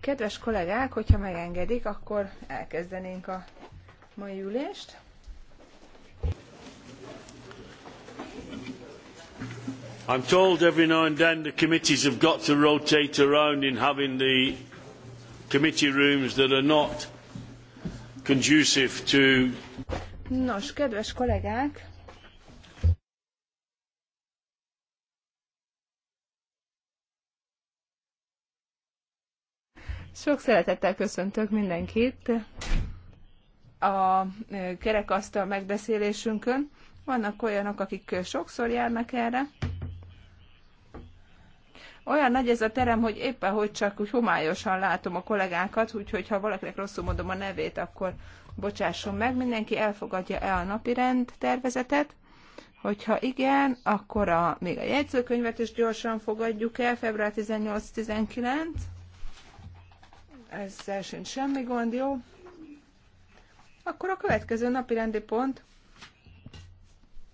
Kedves kollégák, hogyha megengedik, akkor elkezdenénk a mai ülést. I'm told every now and then the committees have got to rotate around in having the committee rooms that are not conducive to... Nos, kedves kollégák, Sok szeretettel köszöntök mindenkit a e, kerekasztal megbeszélésünkön. Vannak olyanok, akik sokszor járnak erre, olyan nagy ez a terem, hogy éppen hogy csak úgy homályosan látom a kollégákat, úgyhogy ha valakinek rosszul mondom a nevét, akkor bocsásson meg. Mindenki elfogadja el a napi rend tervezetet. Hogyha igen, akkor a, még a jegyzőkönyvet is gyorsan fogadjuk el, február 18-19. Ezzel sincs semmi gond, jó? Akkor a következő napi rendi pont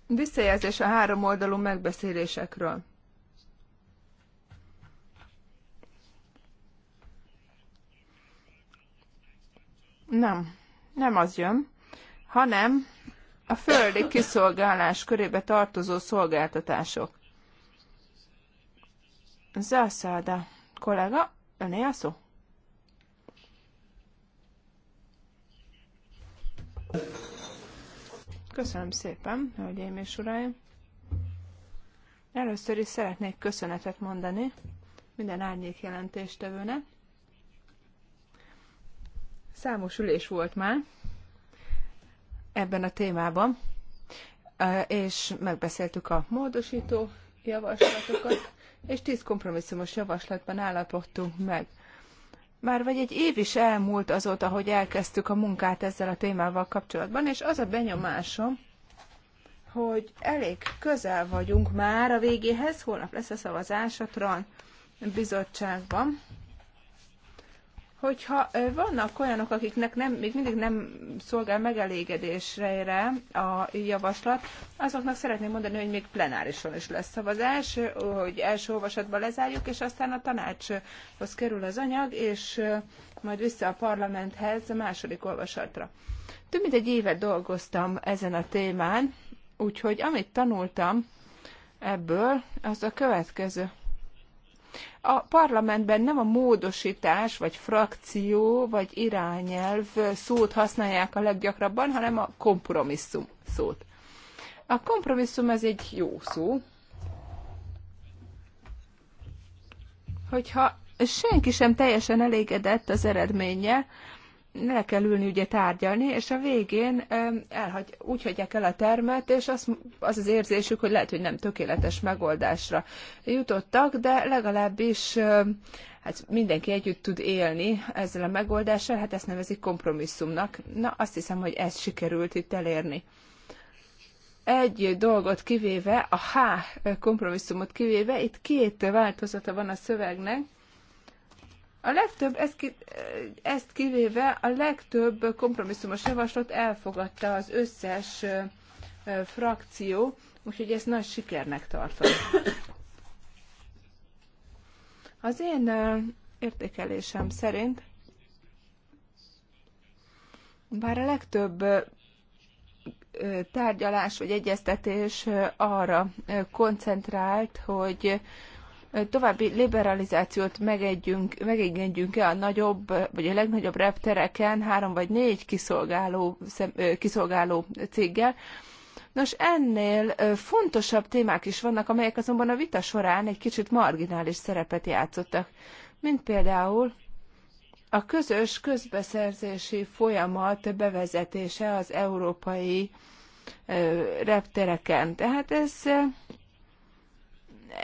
visszajelzés a három oldalú megbeszélésekről. Nem, nem az jön, hanem a földi kiszolgálás körébe tartozó szolgáltatások. Zászáda, kollega, öné a szó? Köszönöm szépen, hölgyeim és uraim. Először is szeretnék köszönetet mondani minden árnyék jelentéstevőnek, Számos ülés volt már ebben a témában, és megbeszéltük a módosító javaslatokat, és tíz kompromisszumos javaslatban állapodtunk meg. Már vagy egy év is elmúlt azóta, hogy elkezdtük a munkát ezzel a témával kapcsolatban, és az a benyomásom, hogy elég közel vagyunk már a végéhez, holnap lesz a szavazás a TRAN bizottságban hogyha vannak olyanok, akiknek nem, még mindig nem szolgál megelégedésre a javaslat, azoknak szeretném mondani, hogy még plenárison is lesz szavazás, hogy első olvasatban lezárjuk, és aztán a tanácshoz kerül az anyag, és majd vissza a parlamenthez a második olvasatra. Több mint egy évet dolgoztam ezen a témán, úgyhogy amit tanultam ebből, az a következő a parlamentben nem a módosítás, vagy frakció, vagy irányelv szót használják a leggyakrabban, hanem a kompromisszum szót. A kompromisszum ez egy jó szó, hogyha senki sem teljesen elégedett az eredménye, le kell ülni ugye tárgyalni, és a végén elhagy, úgy hagyják el a termet, és az, az az érzésük, hogy lehet, hogy nem tökéletes megoldásra jutottak, de legalábbis hát mindenki együtt tud élni ezzel a megoldással, hát ezt nevezik kompromisszumnak. Na, azt hiszem, hogy ezt sikerült itt elérni. Egy dolgot kivéve, a H kompromisszumot kivéve, itt két változata van a szövegnek, a legtöbb, ezt, ki, ezt kivéve a legtöbb kompromisszumos javaslat elfogadta az összes frakció, úgyhogy ezt nagy sikernek tartom. Az én értékelésem szerint, bár a legtöbb tárgyalás vagy egyeztetés arra koncentrált, hogy további liberalizációt megegyünk, megengedjünk-e a nagyobb, vagy a legnagyobb reptereken három vagy négy kiszolgáló, kiszolgáló céggel. Nos, ennél fontosabb témák is vannak, amelyek azonban a vita során egy kicsit marginális szerepet játszottak, mint például a közös közbeszerzési folyamat bevezetése az európai reptereken. Tehát ez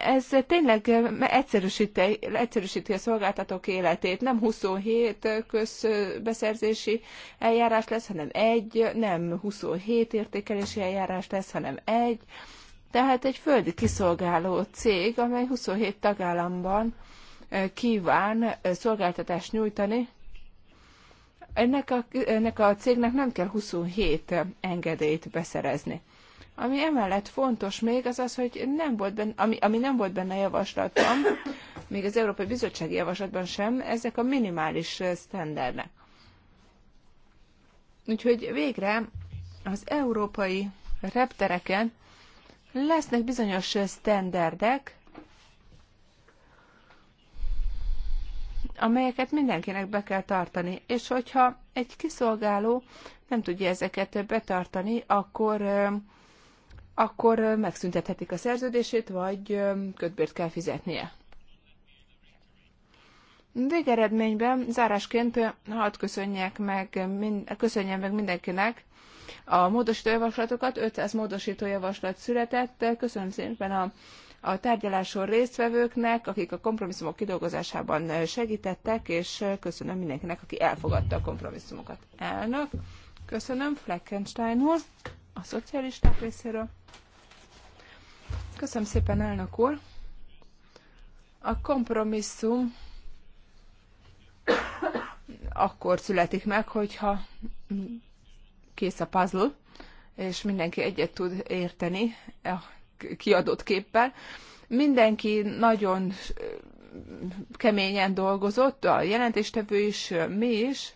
ez tényleg egyszerűsíti, egyszerűsíti a szolgáltatók életét. Nem 27 közbeszerzési eljárás lesz, hanem egy, nem 27 értékelési eljárás lesz, hanem egy. Tehát egy földi kiszolgáló cég, amely 27 tagállamban kíván szolgáltatást nyújtani, ennek a, ennek a cégnek nem kell 27 engedélyt beszerezni. Ami emellett fontos még, az az, hogy nem volt benne, ami, ami nem volt benne javaslatban, még az Európai Bizottsági Javaslatban sem, ezek a minimális eh, sztendernek. Úgyhogy végre az európai reptereken lesznek bizonyos eh, sztenderdek, amelyeket mindenkinek be kell tartani, és hogyha egy kiszolgáló nem tudja ezeket betartani, akkor eh, akkor megszüntethetik a szerződését, vagy kötbért kell fizetnie. Végeredményben zárásként hadd köszönjek meg, mind, köszönjem meg mindenkinek a módosító javaslatokat. 500 módosító javaslat született. Köszönöm szépen a, a tárgyaláson résztvevőknek, akik a kompromisszumok kidolgozásában segítettek, és köszönöm mindenkinek, aki elfogadta a kompromisszumokat. Elnök, köszönöm Fleckenstein úr a szocialisták részéről. Köszönöm szépen, elnök úr. A kompromisszum akkor születik meg, hogyha kész a puzzle, és mindenki egyet tud érteni a kiadott képpel. Mindenki nagyon keményen dolgozott, a jelentéstevő is, mi is.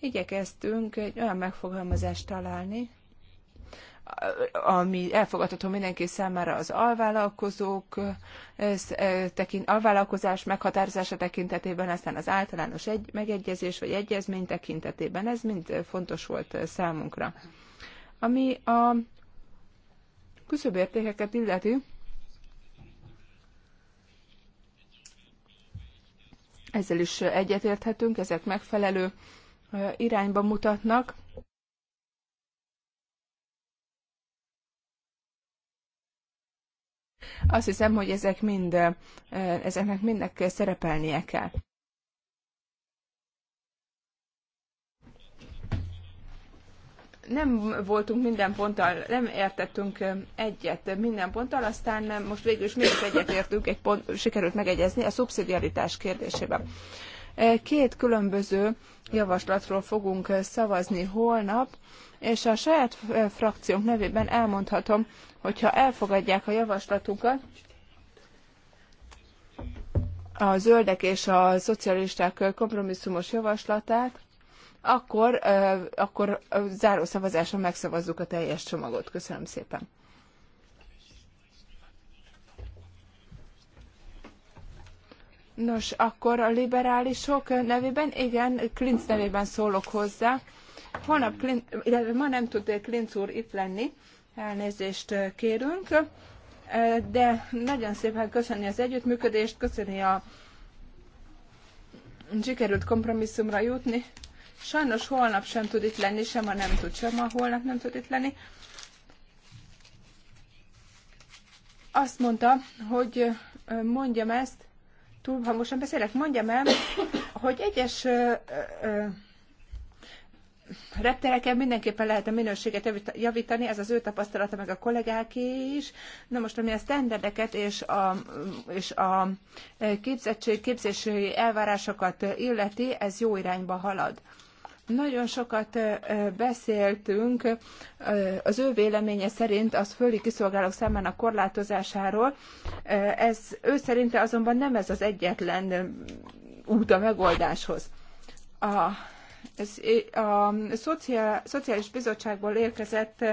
Igyekeztünk egy olyan megfogalmazást találni, ami elfogadható mindenki számára az alvállalkozók eh, eh, tekint, alvállalkozás meghatározása tekintetében, aztán az általános egy, megegyezés vagy egyezmény tekintetében. Ez mind eh, fontos volt számunkra. Ami a küszöbértékeket illeti, ezzel is egyetérthetünk, ezek megfelelő irányba mutatnak. Azt hiszem, hogy ezek mind, ezeknek mindnek szerepelnie kell. nem voltunk minden ponttal, nem értettünk egyet minden ponttal, aztán nem, most végül is mégis egyetértünk, egy pont, sikerült megegyezni a szubszidiaritás kérdésében. Két különböző javaslatról fogunk szavazni holnap, és a saját frakciónk nevében elmondhatom, hogyha elfogadják a javaslatunkat, a zöldek és a szocialisták kompromisszumos javaslatát, akkor, akkor záró szavazáson megszavazzuk a teljes csomagot. Köszönöm szépen. Nos, akkor a liberálisok nevében, igen, Klinc nevében szólok hozzá. Holnap, Klinc, illetve ma nem tud Klinc úr itt lenni, Elnézést kérünk, de nagyon szépen köszönni az együttműködést, köszönni a sikerült kompromisszumra jutni. Sajnos holnap sem tud itt lenni, sem a nem tud, sem a holnap nem tud itt lenni. Azt mondta, hogy mondjam ezt, túl hangosan beszélek, mondjam el, hogy egyes ö, ö, reptereken mindenképpen lehet a minőséget javítani, ez az ő tapasztalata, meg a kollégáké is. Na most, ami a standardeket és a, és a képzettség, képzési elvárásokat illeti, ez jó irányba halad. Nagyon sokat beszéltünk az ő véleménye szerint az földi kiszolgálók számának korlátozásáról. Ez ő szerinte azonban nem ez az egyetlen út a megoldáshoz. A a Szociális Bizottságból érkezett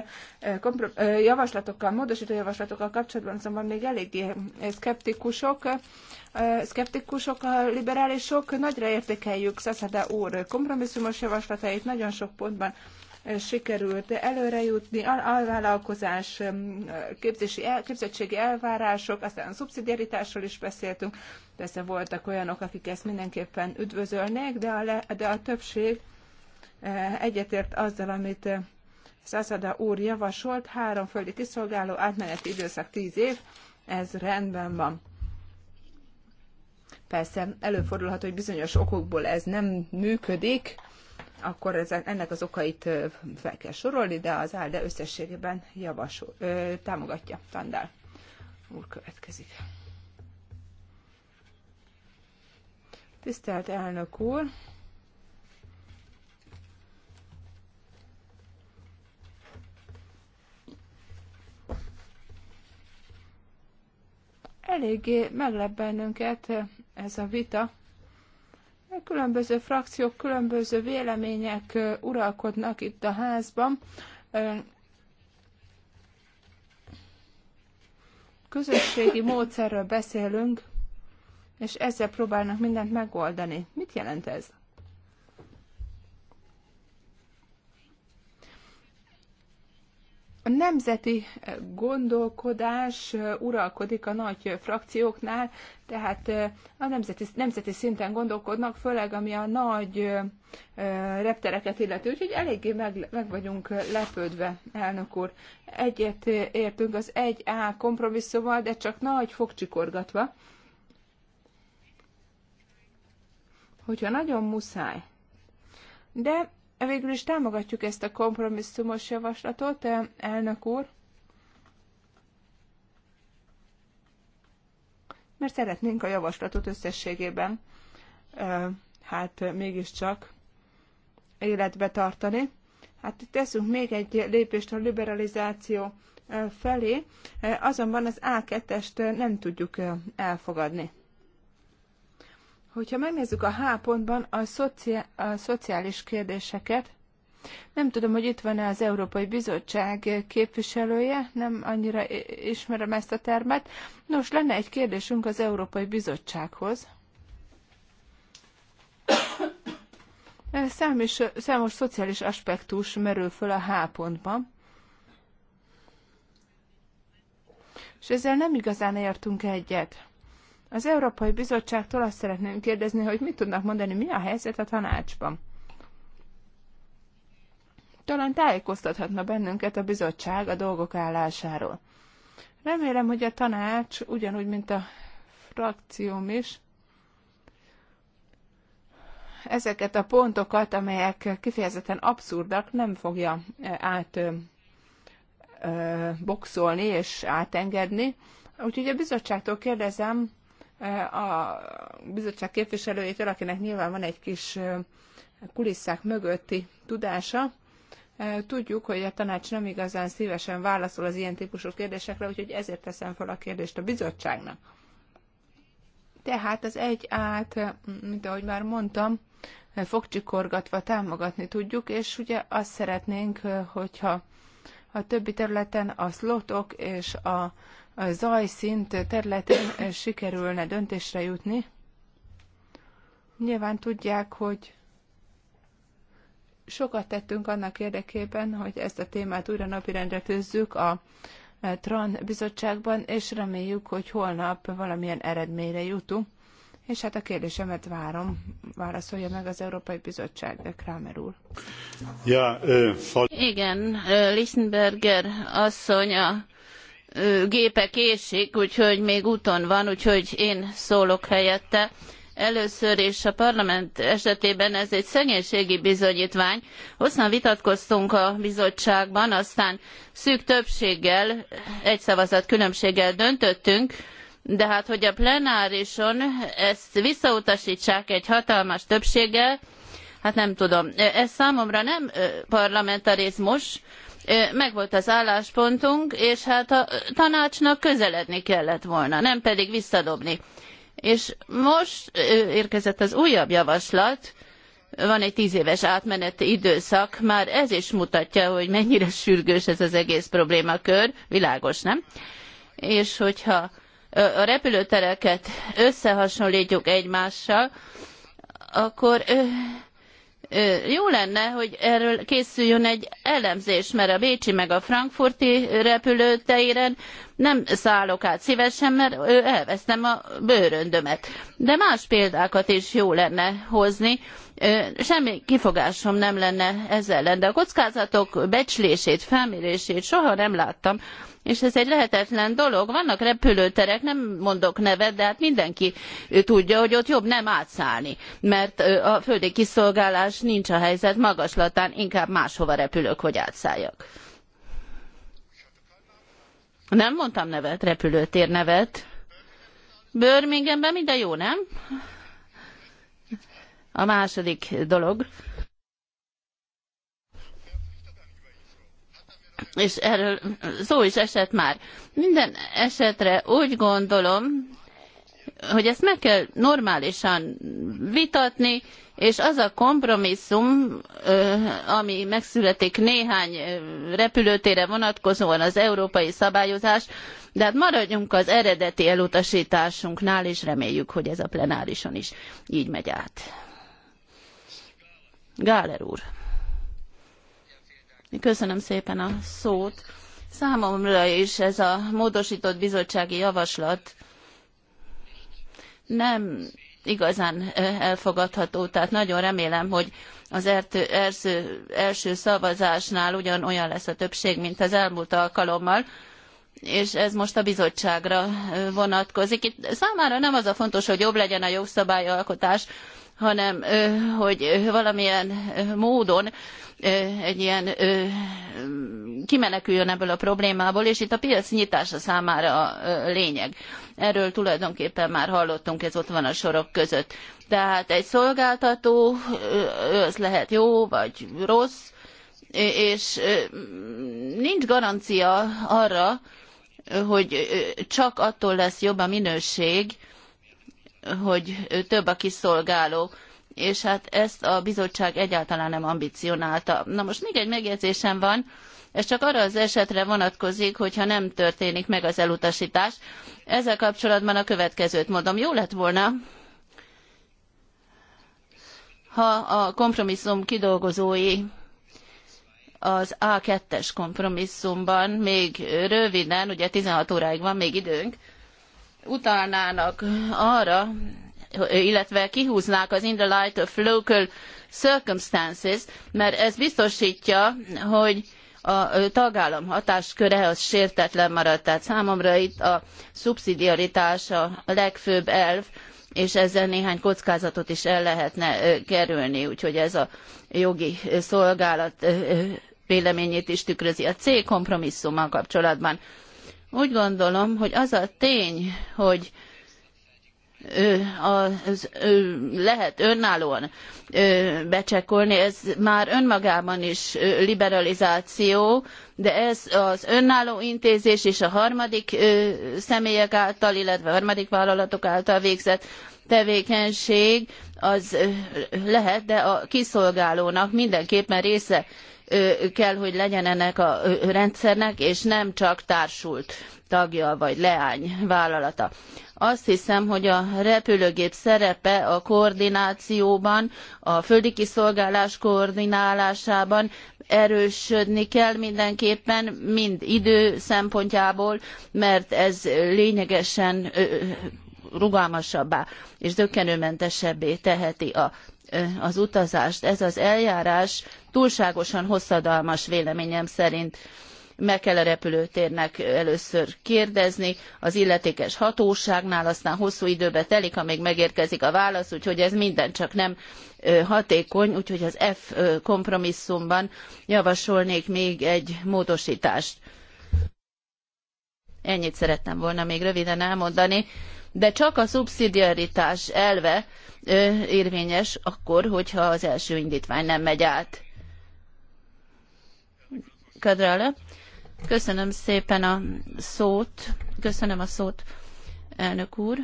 javaslatokkal, módosító javaslatokkal kapcsolatban azonban még elég szkeptikusok, szkeptikusok a liberálisok. Nagyra értékeljük Szeszede úr kompromisszumos javaslatait, nagyon sok pontban sikerült jutni, alvállalkozás, képzési, képzettségi elvárások, aztán a szubszidiaritásról is beszéltünk, persze voltak olyanok, akik ezt mindenképpen üdvözölnék, de a, le, de a többség eh, egyetért azzal, amit eh, Szaszada úr javasolt, három földi kiszolgáló átmeneti időszak tíz év, ez rendben van. Persze előfordulhat, hogy bizonyos okokból ez nem működik, akkor ez ennek az okait fel kell sorolni, de az ALDE összességében javasol, ö, támogatja. Tandál úr következik. Tisztelt elnök úr! Eléggé meglep bennünket ez a vita, Különböző frakciók, különböző vélemények uralkodnak itt a házban. Közösségi módszerről beszélünk, és ezzel próbálnak mindent megoldani. Mit jelent ez? A nemzeti gondolkodás uralkodik a nagy frakcióknál, tehát a nemzeti, nemzeti szinten gondolkodnak, főleg ami a nagy reptereket illeti, úgyhogy eléggé meg, meg vagyunk lepődve, elnök úr. Egyet értünk az 1A kompromisszummal, de csak nagy fogcsikorgatva. Hogyha nagyon muszáj. De végül is támogatjuk ezt a kompromisszumos javaslatot, eh, elnök úr, mert szeretnénk a javaslatot összességében eh, hát mégiscsak életbe tartani. Hát teszünk még egy lépést a liberalizáció eh, felé, azonban az A2-est nem tudjuk elfogadni. Hogyha megnézzük a H pontban a, szocia- a szociális kérdéseket, nem tudom, hogy itt van-e az Európai Bizottság képviselője, nem annyira ismerem ezt a termet. Nos, lenne egy kérdésünk az Európai Bizottsághoz. Számos, számos szociális aspektus merül föl a H pontban. És ezzel nem igazán értünk egyet. Az Európai Bizottságtól azt szeretném kérdezni, hogy mit tudnak mondani, mi a helyzet a tanácsban. Talán tájékoztathatna bennünket a bizottság a dolgok állásáról. Remélem, hogy a tanács, ugyanúgy, mint a frakcióm is, ezeket a pontokat, amelyek kifejezetten abszurdak, nem fogja eh, át boxolni és átengedni. Úgyhogy a bizottságtól kérdezem, a bizottság képviselőjétől, akinek nyilván van egy kis kulisszák mögötti tudása. Tudjuk, hogy a tanács nem igazán szívesen válaszol az ilyen típusú kérdésekre, úgyhogy ezért teszem fel a kérdést a bizottságnak. Tehát az egy át, mint ahogy már mondtam, fogcsikorgatva támogatni tudjuk, és ugye azt szeretnénk, hogyha a többi területen a szlotok és a a zajszint területén eh, sikerülne döntésre jutni. Nyilván tudják, hogy sokat tettünk annak érdekében, hogy ezt a témát újra napirendre tűzzük a eh, TRAN bizottságban, és reméljük, hogy holnap valamilyen eredményre jutunk. És hát a kérdésemet várom, válaszolja meg az Európai Bizottság, Kramer úr. Ja, ö, eh, fal... Igen, Lichtenberger asszony a gépe késik, úgyhogy még úton van, úgyhogy én szólok helyette. Először is a parlament esetében ez egy szegénységi bizonyítvány. Hosszan vitatkoztunk a bizottságban, aztán szűk többséggel, egy szavazat különbséggel döntöttünk, de hát hogy a plenárison ezt visszautasítsák egy hatalmas többséggel, hát nem tudom. Ez számomra nem parlamentarizmus, megvolt az álláspontunk, és hát a tanácsnak közeledni kellett volna, nem pedig visszadobni. És most érkezett az újabb javaslat, van egy tíz éves átmeneti időszak, már ez is mutatja, hogy mennyire sürgős ez az egész problémakör, világos, nem? És hogyha a repülőtereket összehasonlítjuk egymással, akkor jó lenne, hogy erről készüljön egy elemzés, mert a Bécsi meg a Frankfurti repülőtéren nem szállok át szívesen, mert elvesztem a bőröndömet. De más példákat is jó lenne hozni. Semmi kifogásom nem lenne ezzel ellen, de a kockázatok becslését, felmérését soha nem láttam és ez egy lehetetlen dolog. Vannak repülőterek, nem mondok nevet, de hát mindenki tudja, hogy ott jobb nem átszállni, mert a földi kiszolgálás nincs a helyzet magaslatán, inkább máshova repülök, hogy átszálljak. Nem mondtam nevet, repülőtér nevet. Birminghamben minden jó, nem? A második dolog. és erről szó is esett már. Minden esetre úgy gondolom, hogy ezt meg kell normálisan vitatni, és az a kompromisszum, ami megszületik néhány repülőtére vonatkozóan az európai szabályozás, de hát maradjunk az eredeti elutasításunknál, és reméljük, hogy ez a plenárison is így megy át. Gáler úr. Köszönöm szépen a szót. Számomra is ez a módosított bizottsági javaslat nem igazán elfogadható. Tehát nagyon remélem, hogy az ertő, első, első szavazásnál ugyanolyan lesz a többség, mint az elmúlt alkalommal, és ez most a bizottságra vonatkozik. Itt számára nem az a fontos, hogy jobb legyen a jogszabályalkotás, hanem hogy valamilyen módon egy ilyen kimeneküljön ebből a problémából, és itt a piac nyitása számára a lényeg. Erről tulajdonképpen már hallottunk, ez ott van a sorok között. Tehát egy szolgáltató, az lehet jó vagy rossz, és nincs garancia arra, hogy csak attól lesz jobb a minőség, hogy több a kiszolgáló, és hát ezt a bizottság egyáltalán nem ambicionálta. Na most még egy megjegyzésem van, ez csak arra az esetre vonatkozik, hogyha nem történik meg az elutasítás. Ezzel kapcsolatban a következőt mondom. Jó lett volna, ha a kompromisszum kidolgozói az A2-es kompromisszumban még röviden, ugye 16 óráig van még időnk, utalnának arra, illetve kihúznák az in the light of local circumstances, mert ez biztosítja, hogy a tagállam hatásköre az sértetlen maradt. Tehát számomra itt a szubszidiaritás a legfőbb elv, és ezzel néhány kockázatot is el lehetne kerülni, úgyhogy ez a jogi szolgálat véleményét is tükrözi. A C kompromisszummal kapcsolatban úgy gondolom, hogy az a tény, hogy az, lehet önállóan becsekolni, ez már önmagában is liberalizáció, de ez az önálló intézés és a harmadik személyek által, illetve a harmadik vállalatok által végzett tevékenység, az lehet, de a kiszolgálónak mindenképpen része kell, hogy legyen ennek a rendszernek, és nem csak társult tagja vagy leány vállalata. Azt hiszem, hogy a repülőgép szerepe a koordinációban, a földi kiszolgálás koordinálásában erősödni kell mindenképpen, mind idő szempontjából, mert ez lényegesen rugalmasabbá és zökkenőmentesebbé teheti a az utazást. Ez az eljárás túlságosan hosszadalmas véleményem szerint meg kell a repülőtérnek először kérdezni az illetékes hatóságnál, aztán hosszú időbe telik, amíg megérkezik a válasz, úgyhogy ez minden csak nem hatékony, úgyhogy az F kompromisszumban javasolnék még egy módosítást. Ennyit szerettem volna még röviden elmondani de csak a szubszidiaritás elve érvényes akkor, hogyha az első indítvány nem megy át. Kadrale, köszönöm szépen a szót, köszönöm a szót, elnök úr.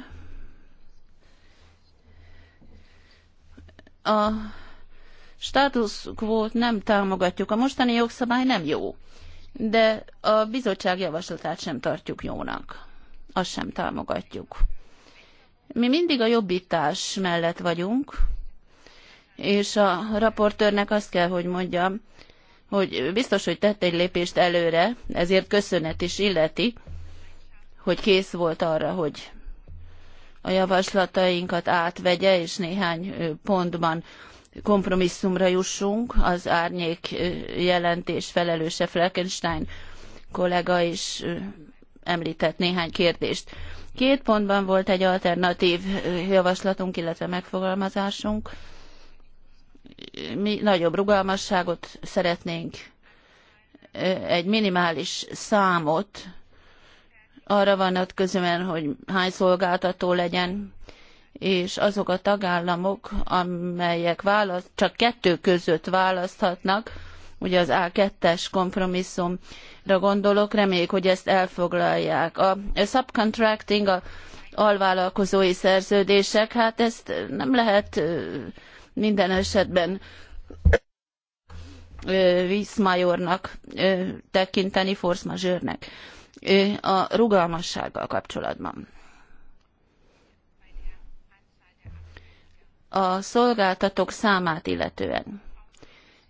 A status quo nem támogatjuk. A mostani jogszabály nem jó, de a bizottság javaslatát sem tartjuk jónak azt sem támogatjuk. Mi mindig a jobbítás mellett vagyunk, és a raportőrnek azt kell, hogy mondjam, hogy biztos, hogy tett egy lépést előre, ezért köszönet is illeti, hogy kész volt arra, hogy a javaslatainkat átvegye, és néhány pontban kompromisszumra jussunk. Az árnyék jelentés felelőse Fleckenstein kollega is említett néhány kérdést. Két pontban volt egy alternatív javaslatunk, illetve megfogalmazásunk. Mi nagyobb rugalmasságot szeretnénk, egy minimális számot arra vonatkozóan, hogy hány szolgáltató legyen, és azok a tagállamok, amelyek választ, csak kettő között választhatnak, ugye az A2-es kompromisszumra gondolok, reméljük, hogy ezt elfoglalják. A subcontracting, a alvállalkozói szerződések, hát ezt nem lehet minden esetben vízmajornak tekinteni, force majeure-nek a rugalmassággal kapcsolatban. A szolgáltatók számát illetően.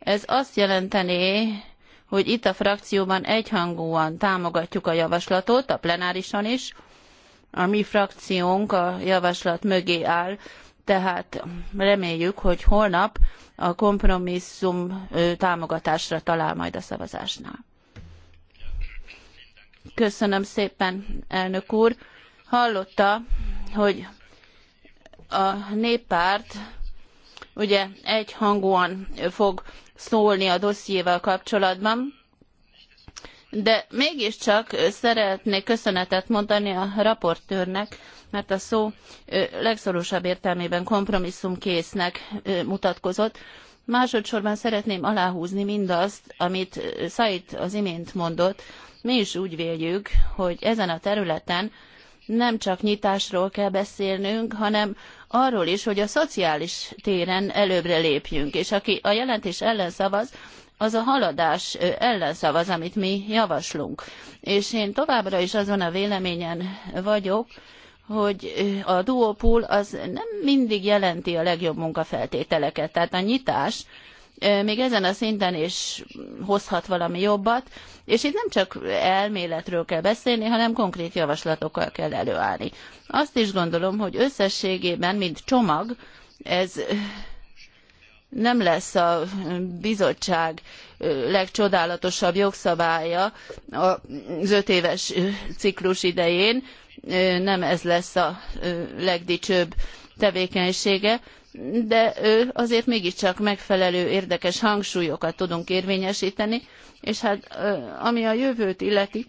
Ez azt jelenteni, hogy itt a frakcióban egyhangúan támogatjuk a javaslatot, a plenárison is. A mi frakciónk a javaslat mögé áll, tehát reméljük, hogy holnap a kompromisszum támogatásra talál majd a szavazásnál. Köszönöm szépen, elnök úr. Hallotta, hogy a néppárt ugye egyhangúan fog szólni a dossziéval kapcsolatban. De mégiscsak szeretnék köszönetet mondani a raportőrnek, mert a szó legszorosabb értelmében kompromisszumkésznek mutatkozott. Másodszorban szeretném aláhúzni mindazt, amit Said az imént mondott. Mi is úgy véljük, hogy ezen a területen nem csak nyitásról kell beszélnünk, hanem arról is, hogy a szociális téren előbbre lépjünk, és aki a jelentés ellen szavaz, az a haladás ellen szavaz, amit mi javaslunk. És én továbbra is azon a véleményen vagyok, hogy a duopól az nem mindig jelenti a legjobb munkafeltételeket. Tehát a nyitás, még ezen a szinten is hozhat valami jobbat, és itt nem csak elméletről kell beszélni, hanem konkrét javaslatokkal kell előállni. Azt is gondolom, hogy összességében, mint csomag, ez nem lesz a bizottság legcsodálatosabb jogszabálya az öt éves ciklus idején, nem ez lesz a legdicsőbb tevékenysége, de azért mégiscsak megfelelő érdekes hangsúlyokat tudunk érvényesíteni, és hát ami a jövőt illeti,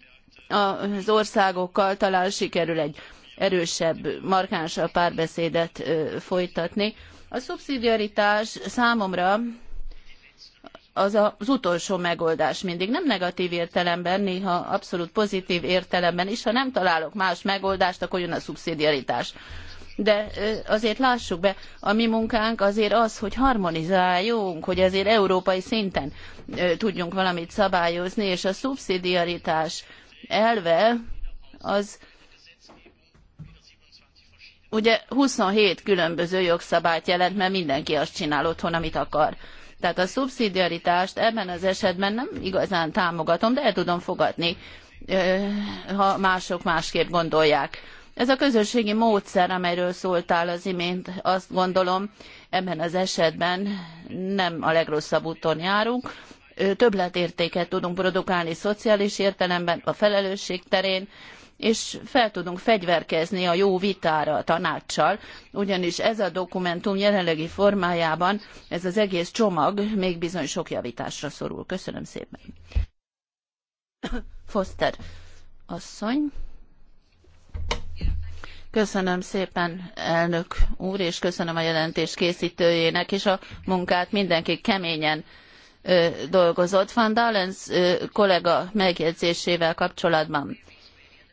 az országokkal talán sikerül egy erősebb, markánsabb párbeszédet folytatni. A szubszidiaritás számomra az az utolsó megoldás mindig. Nem negatív értelemben, néha abszolút pozitív értelemben is. Ha nem találok más megoldást, akkor jön a szubszidiaritás de azért lássuk be, a mi munkánk azért az, hogy harmonizáljunk, hogy azért európai szinten tudjunk valamit szabályozni, és a szubszidiaritás elve az ugye 27 különböző jogszabályt jelent, mert mindenki azt csinál otthon, amit akar. Tehát a szubszidiaritást ebben az esetben nem igazán támogatom, de el tudom fogadni, ha mások másképp gondolják. Ez a közösségi módszer, amelyről szóltál az imént, azt gondolom ebben az esetben nem a legrosszabb úton járunk. Többletértéket tudunk produkálni szociális értelemben, a felelősség terén, és fel tudunk fegyverkezni a jó vitára a tanácssal, ugyanis ez a dokumentum jelenlegi formájában, ez az egész csomag még bizony sok javításra szorul. Köszönöm szépen. Foster asszony. Köszönöm szépen, elnök úr, és köszönöm a jelentés készítőjének, és a munkát mindenki keményen ö, dolgozott. Van Dalens ö, kollega megjegyzésével kapcsolatban.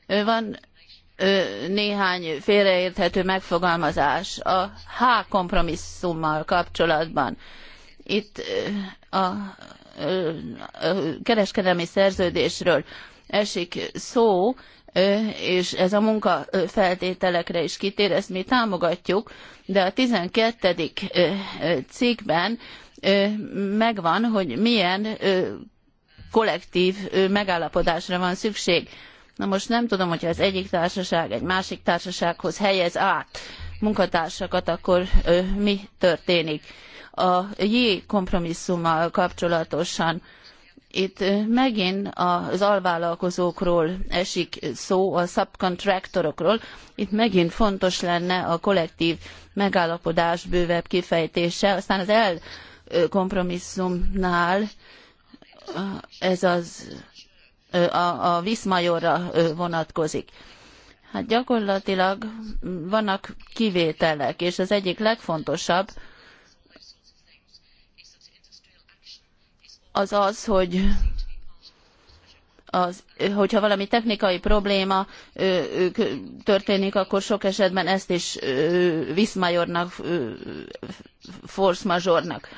Ö, van ö, néhány félreérthető megfogalmazás a H kompromisszummal kapcsolatban. Itt ö, a ö, kereskedelmi szerződésről esik szó, és ez a munkafeltételekre is kitér, ezt mi támogatjuk, de a 12. cikkben megvan, hogy milyen kollektív megállapodásra van szükség. Na most nem tudom, hogyha az egyik társaság egy másik társasághoz helyez át munkatársakat, akkor mi történik. A J kompromisszummal kapcsolatosan itt megint az alvállalkozókról esik szó, a subcontractorokról. Itt megint fontos lenne a kollektív megállapodás bővebb kifejtése. Aztán az el kompromisszumnál ez az a, a Viszmajorra vonatkozik. Hát gyakorlatilag vannak kivételek, és az egyik legfontosabb, az az, hogy az, hogyha valami technikai probléma történik, akkor sok esetben ezt is viszmajornak, force majornak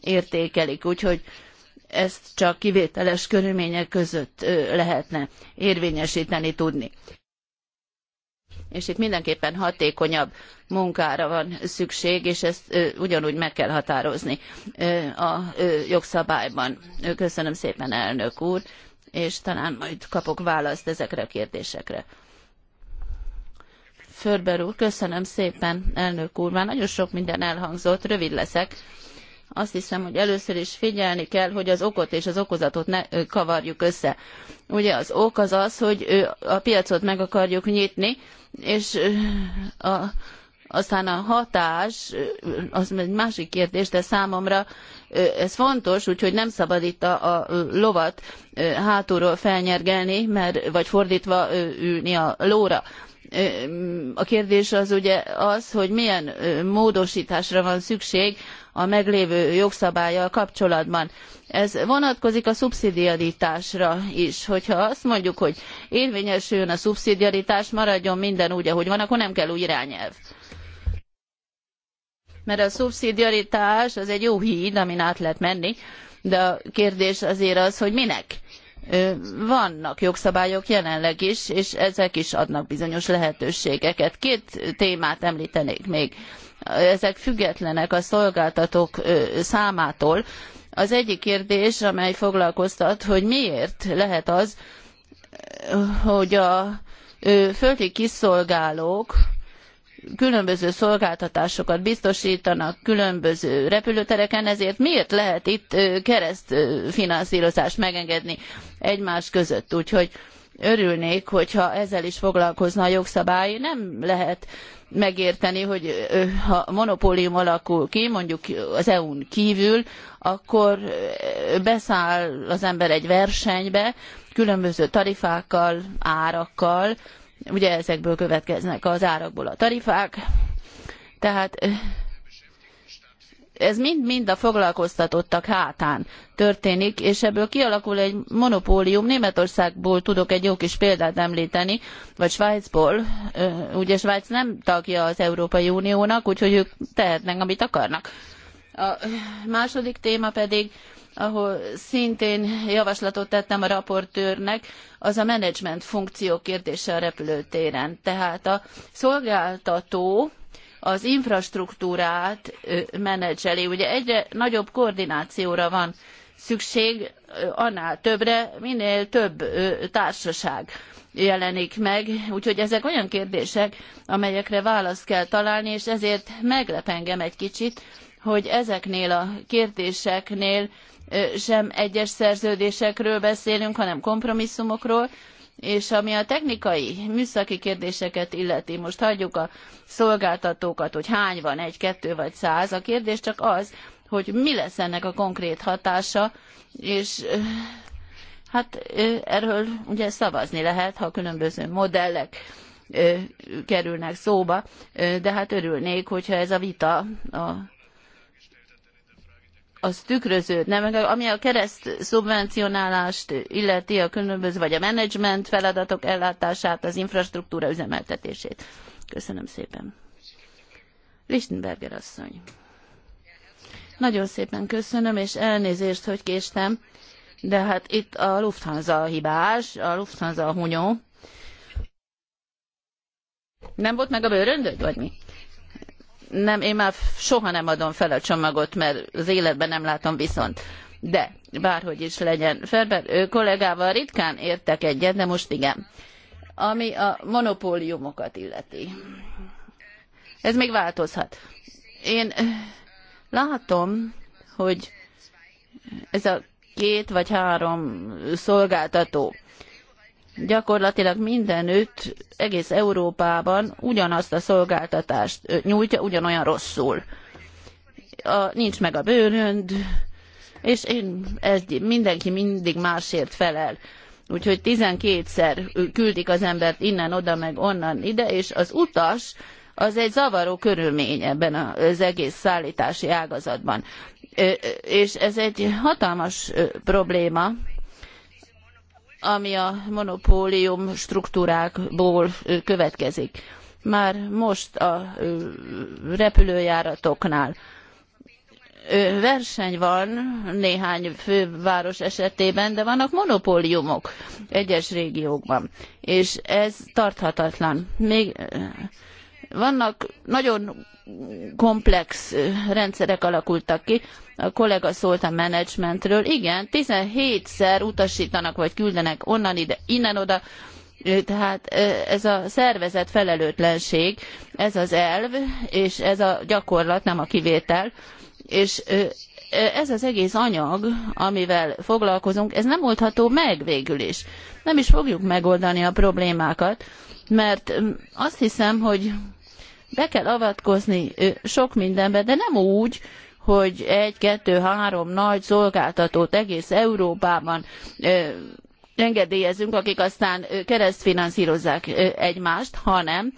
értékelik, úgyhogy ezt csak kivételes körülmények között lehetne érvényesíteni tudni és itt mindenképpen hatékonyabb munkára van szükség, és ezt ugyanúgy meg kell határozni a jogszabályban. Köszönöm szépen, elnök úr, és talán majd kapok választ ezekre a kérdésekre. Förber úr, köszönöm szépen, elnök úr, már nagyon sok minden elhangzott, rövid leszek. Azt hiszem, hogy először is figyelni kell, hogy az okot és az okozatot ne kavarjuk össze. Ugye az ok az az, hogy a piacot meg akarjuk nyitni, és a, aztán a hatás, az egy másik kérdés, de számomra ez fontos, úgyhogy nem szabad itt a, a lovat hátulról felnyergelni, mert, vagy fordítva ülni a lóra. A kérdés az ugye az, hogy milyen módosításra van szükség a meglévő jogszabályjal kapcsolatban. Ez vonatkozik a szubszidiaritásra is. Hogyha azt mondjuk, hogy érvényesüljön a szubszidiaritás, maradjon minden úgy, ahogy van, akkor nem kell új irányelv mert a szubszidiaritás az egy jó híd, amin át lehet menni, de a kérdés azért az, hogy minek? Vannak jogszabályok jelenleg is, és ezek is adnak bizonyos lehetőségeket. Két témát említenék még ezek függetlenek a szolgáltatók számától. Az egyik kérdés, amely foglalkoztat, hogy miért lehet az, hogy a földi kiszolgálók különböző szolgáltatásokat biztosítanak különböző repülőtereken, ezért miért lehet itt keresztfinanszírozást megengedni egymás között? Úgyhogy örülnék, hogyha ezzel is foglalkozna a jogszabály. Nem lehet megérteni, hogy ha monopólium alakul ki, mondjuk az EU-n kívül, akkor beszáll az ember egy versenybe, különböző tarifákkal, árakkal, ugye ezekből következnek az árakból a tarifák, tehát ez mind-mind a foglalkoztatottak hátán történik, és ebből kialakul egy monopólium. Németországból tudok egy jó kis példát említeni, vagy Svájcból. Ugye Svájc nem tagja az Európai Uniónak, úgyhogy ők tehetnek, amit akarnak. A második téma pedig, ahol szintén javaslatot tettem a raportőrnek, az a menedzsment funkció kérdése a repülőtéren. Tehát a szolgáltató az infrastruktúrát menedzseli. Ugye egyre nagyobb koordinációra van szükség, annál többre, minél több társaság jelenik meg. Úgyhogy ezek olyan kérdések, amelyekre választ kell találni, és ezért meglep engem egy kicsit, hogy ezeknél a kérdéseknél sem egyes szerződésekről beszélünk, hanem kompromisszumokról, és ami a technikai, műszaki kérdéseket illeti, most hagyjuk a szolgáltatókat, hogy hány van, egy, kettő vagy száz, a kérdés csak az, hogy mi lesz ennek a konkrét hatása, és hát erről ugye szavazni lehet, ha különböző modellek kerülnek szóba, de hát örülnék, hogyha ez a vita a az tükröződne, meg ami a kereszt szubvencionálást illeti a különböző, vagy a menedzsment feladatok ellátását, az infrastruktúra üzemeltetését. Köszönöm szépen. Lichtenberger asszony. Nagyon szépen köszönöm, és elnézést, hogy késtem, de hát itt a Lufthansa a hibás, a Lufthansa a hunyó. Nem volt meg a bőröndöd, vagy mi? nem, én már soha nem adom fel a csomagot, mert az életben nem látom viszont. De, bárhogy is legyen, Ferber kollégával ritkán értek egyet, de most igen. Ami a monopóliumokat illeti. Ez még változhat. Én látom, hogy ez a két vagy három szolgáltató gyakorlatilag mindenütt, egész Európában ugyanazt a szolgáltatást nyújtja, ugyanolyan rosszul. A, nincs meg a bőrönd, és én, ez, mindenki mindig másért felel. Úgyhogy 12-szer küldik az embert innen, oda, meg onnan ide, és az utas az egy zavaró körülmény ebben az egész szállítási ágazatban. És ez egy hatalmas probléma, ami a monopólium struktúrákból következik. Már most a repülőjáratoknál verseny van néhány főváros esetében, de vannak monopóliumok egyes régiókban, és ez tarthatatlan. Még vannak nagyon komplex rendszerek alakultak ki. A kollega szólt a menedzsmentről. Igen, 17-szer utasítanak vagy küldenek onnan ide, innen oda, tehát ez a szervezet felelőtlenség, ez az elv, és ez a gyakorlat, nem a kivétel, és ez az egész anyag, amivel foglalkozunk, ez nem oldható meg végül is. Nem is fogjuk megoldani a problémákat, mert azt hiszem, hogy be kell avatkozni sok mindenbe, de nem úgy, hogy egy, kettő, három nagy szolgáltatót egész Európában engedélyezünk, akik aztán keresztfinanszírozzák egymást, hanem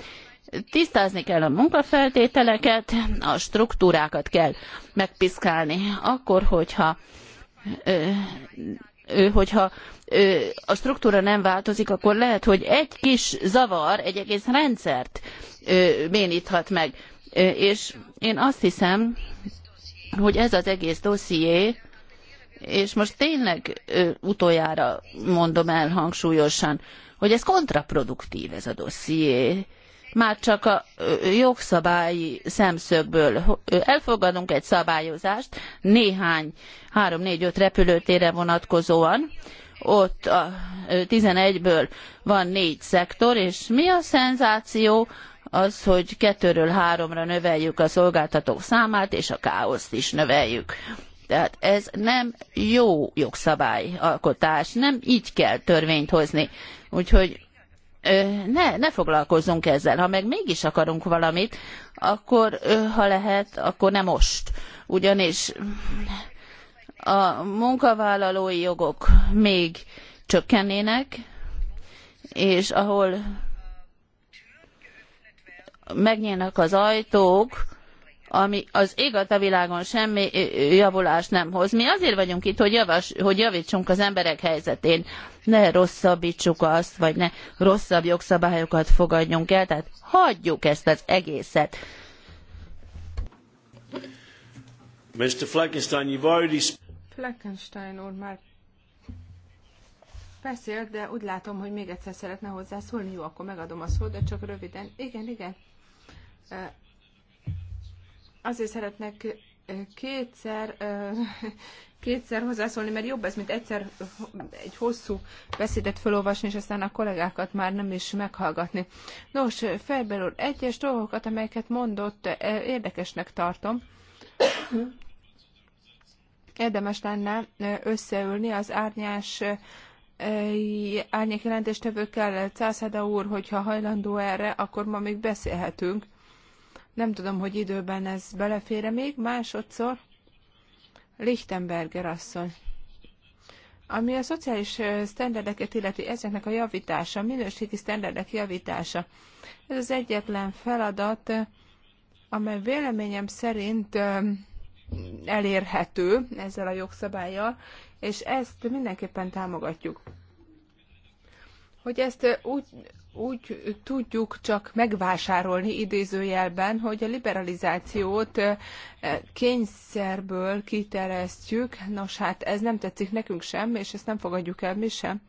tisztázni kell a munkafeltételeket, a struktúrákat kell megpiszkálni. Akkor, hogyha hogyha a struktúra nem változik, akkor lehet, hogy egy kis zavar egy egész rendszert béníthat meg. És én azt hiszem, hogy ez az egész dosszié, és most tényleg utoljára mondom el hangsúlyosan, hogy ez kontraproduktív ez a dosszié már csak a jogszabályi szemszögből elfogadunk egy szabályozást néhány, három, négy, öt repülőtérre vonatkozóan, ott a 11-ből van négy szektor, és mi a szenzáció? Az, hogy kettőről háromra növeljük a szolgáltatók számát, és a káoszt is növeljük. Tehát ez nem jó jogszabályalkotás, nem így kell törvényt hozni. Úgyhogy ne, ne foglalkozzunk ezzel. Ha meg mégis akarunk valamit, akkor ha lehet, akkor nem most. Ugyanis a munkavállalói jogok még csökkennének, és ahol megnyílnak az ajtók, ami az ég a világon semmi javulást nem hoz. Mi azért vagyunk itt, hogy, javas, hogy javítsunk az emberek helyzetén. Ne rosszabbítsuk azt, vagy ne rosszabb jogszabályokat fogadjunk el, tehát hagyjuk ezt az egészet. Mr. Fleckenstein, you've already... Fleckenstein úr már beszélt, de úgy látom, hogy még egyszer szeretne hozzászólni. Jó, akkor megadom a szót, de csak röviden. Igen, igen azért szeretnek kétszer, kétszer hozzászólni, mert jobb ez, mint egyszer egy hosszú beszédet felolvasni, és aztán a kollégákat már nem is meghallgatni. Nos, Ferber úr, egyes dolgokat, amelyeket mondott, érdekesnek tartom. Érdemes lenne összeülni az árnyás árnyék jelentéstevőkkel, Cászada úr, hogyha hajlandó erre, akkor ma még beszélhetünk nem tudom, hogy időben ez belefére még. Másodszor Lichtenberger asszony. Ami a szociális sztenderdeket illeti, ezeknek a javítása, a minőségi sztenderdek javítása. Ez az egyetlen feladat, amely véleményem szerint elérhető ezzel a jogszabályjal, és ezt mindenképpen támogatjuk. Hogy ezt úgy úgy tudjuk csak megvásárolni idézőjelben, hogy a liberalizációt eh, kényszerből kiteresztjük. Nos, hát ez nem tetszik nekünk sem, és ezt nem fogadjuk el mi sem.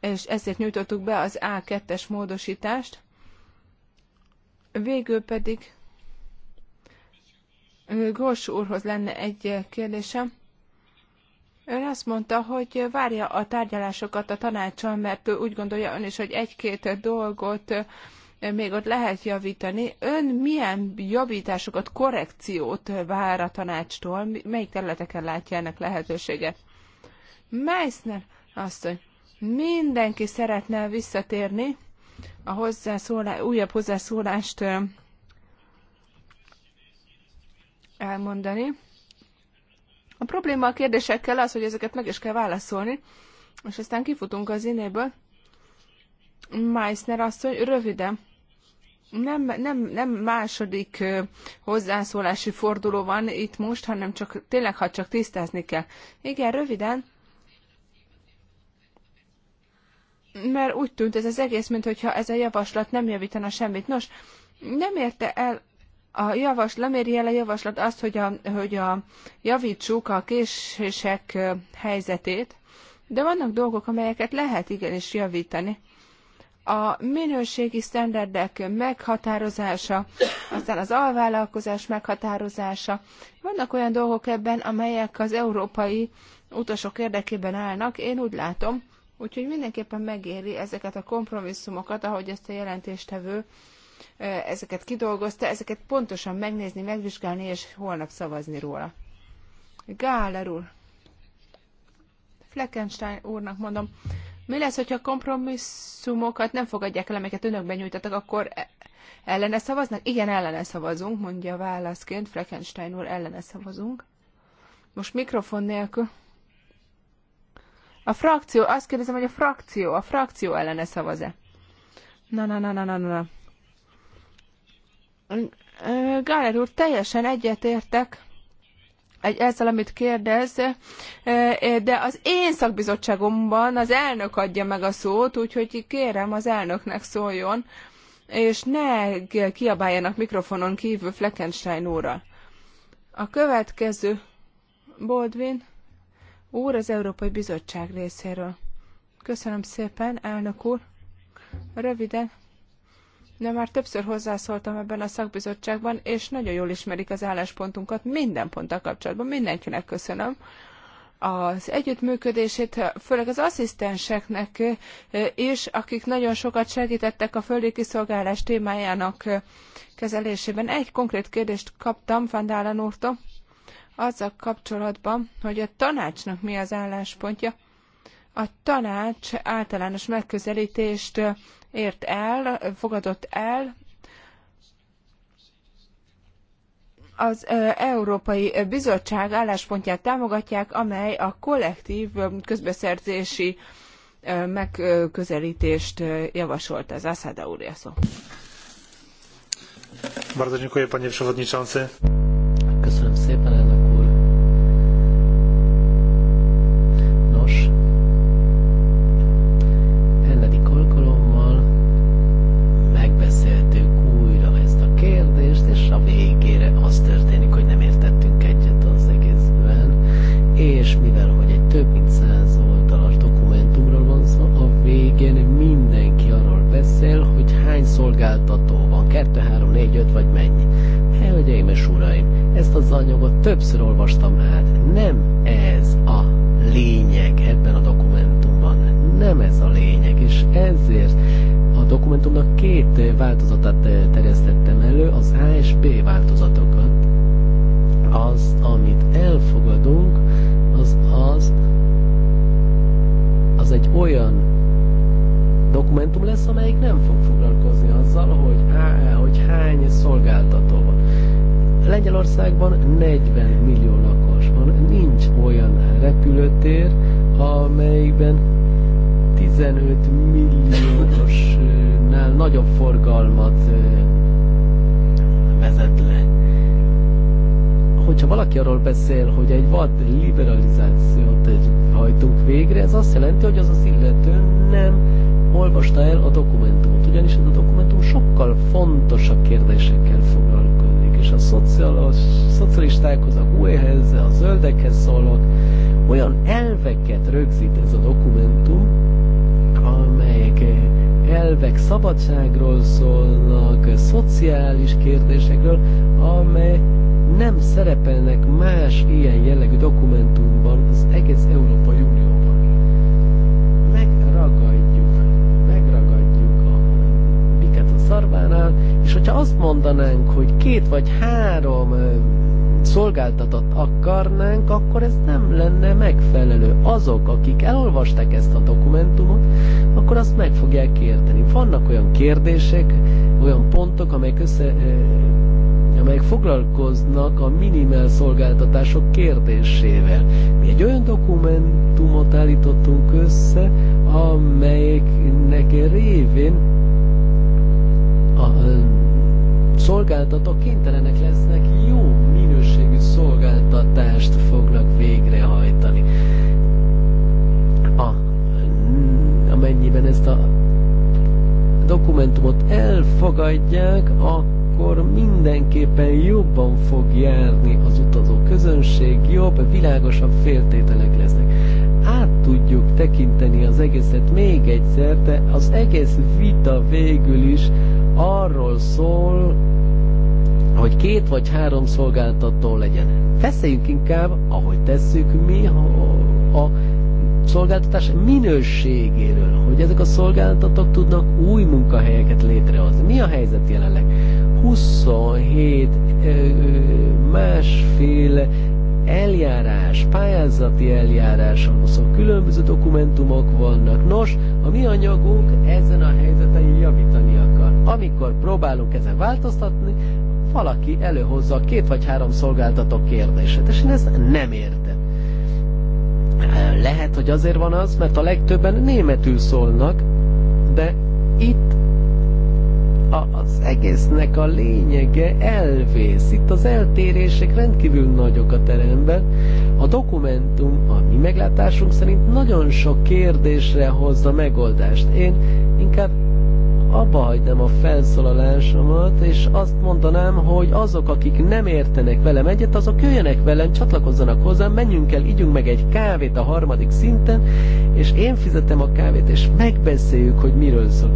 És ezért nyújtottuk be az A2-es módosítást. Végül pedig eh, Gors úrhoz lenne egy kérdésem Ön azt mondta, hogy várja a tárgyalásokat a tanácson, mert úgy gondolja ön is, hogy egy-két dolgot még ott lehet javítani. Ön milyen javításokat, korrekciót vár a tanácstól? Melyik területeken látja ennek lehetőséget? Meissner mondja, mindenki szeretne visszatérni a hozzászólás, újabb hozzászólást elmondani. A probléma a kérdésekkel az, hogy ezeket meg is kell válaszolni, és aztán kifutunk az innéből. Meissner mondja, röviden. Nem, nem, nem második hozzászólási forduló van itt most, hanem csak tényleg, ha csak tisztázni kell. Igen, röviden. Mert úgy tűnt ez az egész, mintha ez a javaslat nem javítana semmit. Nos, nem érte el a javaslat leméri el a javaslat azt, hogy, a, hogy a, javítsuk a késések helyzetét, de vannak dolgok, amelyeket lehet igenis javítani. A minőségi sztenderdek meghatározása, aztán az alvállalkozás meghatározása. Vannak olyan dolgok ebben, amelyek az európai utasok érdekében állnak, én úgy látom, úgyhogy mindenképpen megéri ezeket a kompromisszumokat, ahogy ezt a jelentéstevő ezeket kidolgozta, ezeket pontosan megnézni, megvizsgálni, és holnap szavazni róla. Gáler úr, Fleckenstein úrnak mondom, mi lesz, hogyha kompromisszumokat nem fogadják el, amiket önök benyújtottak, akkor e- ellene szavaznak? Igen, ellene szavazunk, mondja válaszként, Fleckenstein úr, ellene szavazunk. Most mikrofon nélkül. A frakció, azt kérdezem, hogy a frakció, a frakció ellene szavaz-e? Na, na, na, na, na, na. Gáler úr, teljesen egyetértek egy, ezzel, amit kérdez, e, de az én szakbizottságomban az elnök adja meg a szót, úgyhogy kérem az elnöknek szóljon, és ne kiabáljanak mikrofonon kívül Fleckenstein úrra. A következő Boldvin úr az Európai Bizottság részéről. Köszönöm szépen, elnök úr. Röviden, de már többször hozzászóltam ebben a szakbizottságban, és nagyon jól ismerik az álláspontunkat minden ponttal kapcsolatban. Mindenkinek köszönöm az együttműködését, főleg az asszisztenseknek is, akik nagyon sokat segítettek a földi kiszolgálás témájának kezelésében. Egy konkrét kérdést kaptam Van Dálen úrtól, azzal kapcsolatban, hogy a tanácsnak mi az álláspontja. A tanács általános megközelítést ért el, fogadott el, az Európai Bizottság álláspontját támogatják, amely a kollektív közbeszerzési megközelítést javasolt az Asada úr Bardzo dziękuję, panie przewodniczący. változatát eh, terjesztettem elő, az A és B változatokat. Az, amit elfogadunk, az az, az egy olyan dokumentum lesz, amelyik nem fog foglalkozni azzal, hogy, á, e, hogy hány szolgáltató van. Lengyelországban 40 millió lakos van, nincs olyan repülőtér, amelyben 15 milliós eh, autónál nagyobb forgalmat vezet le. Hogyha valaki arról beszél, hogy egy vad liberalizációt hajtunk végre, ez azt jelenti, hogy az az illető nem olvasta el a dokumentumot, ugyanis ez a dokumentum sokkal fontosabb kérdésekkel foglalkozik, és a, szocialistákhoz, a gue a zöldekhez szólok, olyan elveket rögzít ez a dokumentum, elvek szabadságról szólnak, szociális kérdésekről, amely nem szerepelnek más ilyen jellegű dokumentumban az egész Európai Unióban. Megragadjuk, megragadjuk a piket a szarvánál, és hogyha azt mondanánk, hogy két vagy három szolgáltatott akarnánk, akkor ez nem lenne megfelelő. Azok, akik elolvasták ezt a dokumentumot, akkor azt meg fogják érteni. Vannak olyan kérdések, olyan pontok, amelyek össze, amelyek foglalkoznak a minimál szolgáltatások kérdésével. Mi egy olyan dokumentumot állítottunk össze, amelyeknek révén a szolgáltatók kénytelenek lesznek jó minőségű szolgáltatást fognak végrehajtani. A, amennyiben ezt a dokumentumot elfogadják, akkor mindenképpen jobban fog járni az utazó közönség, jobb, világosabb féltételek lesznek. Át tudjuk tekinteni az egészet még egyszer, de az egész vita végül is arról szól, hogy két vagy három szolgáltató legyen. Feszeljünk inkább, ahogy tesszük mi, a szolgáltatás minőségéről, hogy ezek a szolgáltatók tudnak új munkahelyeket létrehozni. Mi a helyzet jelenleg? 27 másfél másféle eljárás, pályázati eljárás, szóval különböző dokumentumok vannak. Nos, a mi anyagunk ezen a helyzeten javítani akar. Amikor próbálunk ezen változtatni, valaki előhozza a két vagy három szolgáltató kérdését, és én ezt nem értem. Lehet, hogy azért van az, mert a legtöbben németül szólnak, de itt az egésznek a lényege elvész. Itt az eltérések rendkívül nagyok a teremben. A dokumentum, a mi meglátásunk szerint nagyon sok kérdésre hozza megoldást. Én inkább abba hagynám a felszólalásomat, és azt mondanám, hogy azok, akik nem értenek velem egyet, azok jöjjenek velem, csatlakozzanak hozzám, menjünk el, ígyünk meg egy kávét a harmadik szinten, és én fizetem a kávét, és megbeszéljük, hogy miről szól.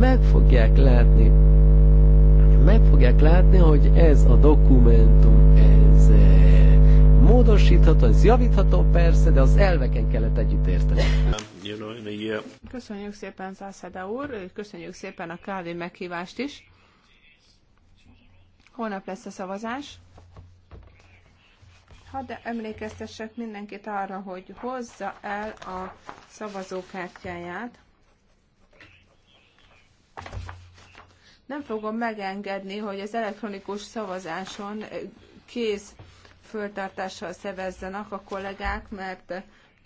Meg fogják látni, meg fogják látni, hogy ez a dokumentum, ez módosítható, ez javítható persze, de az elveken kellett együtt érteni hier. Köszönjük szépen, Zászeda úr, köszönjük szépen a kávé meghívást is. Holnap lesz a szavazás. Hadd emlékeztessek mindenkit arra, hogy hozza el a szavazókártyáját. Nem fogom megengedni, hogy az elektronikus szavazáson kéz föltartással szevezzenek a kollégák, mert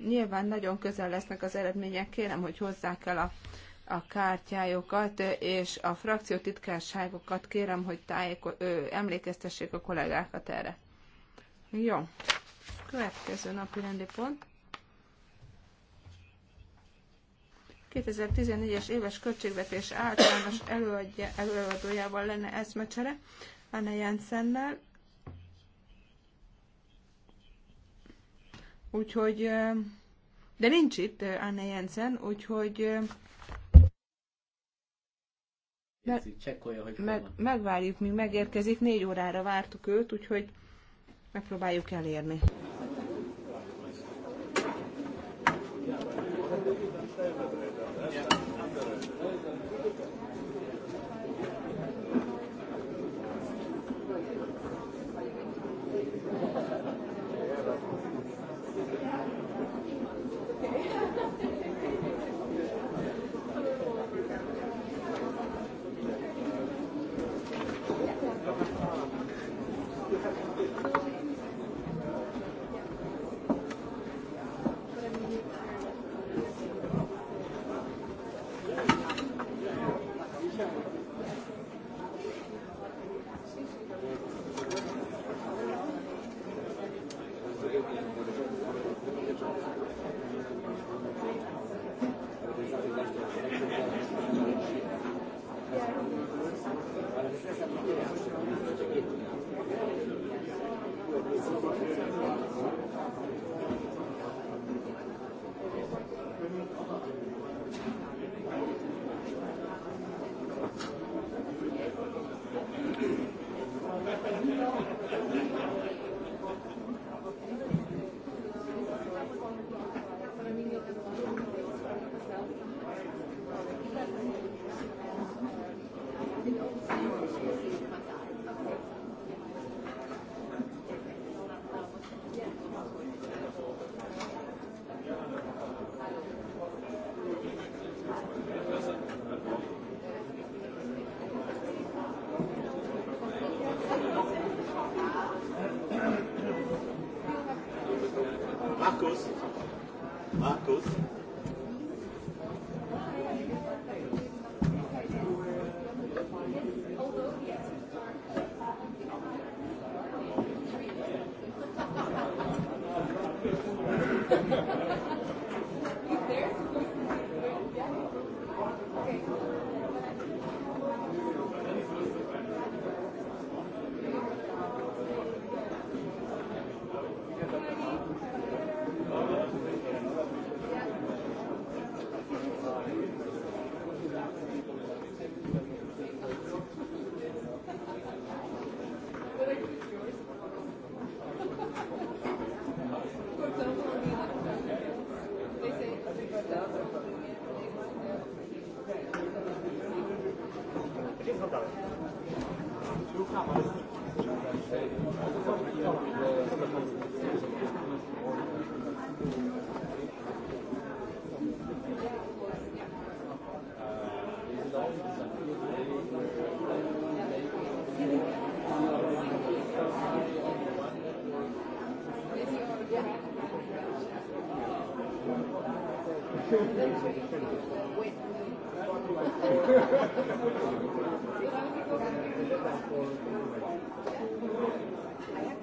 Nyilván nagyon közel lesznek az eredmények, kérem, hogy hozzák el a, a kártyájukat, és a frakciótitkárságokat kérem, hogy tájéko, ö, emlékeztessék a kollégákat erre. Jó. Következő napi rendi pont. 2014-es éves költségvetés általános előadja, előadójával lenne eszmecsere, Anne Jensennel, Úgyhogy, de nincs itt Anne Jensen, úgyhogy meg, csekkolja, hogy meg, megvárjuk, míg megérkezik. Négy órára vártuk őt, úgyhogy megpróbáljuk elérni.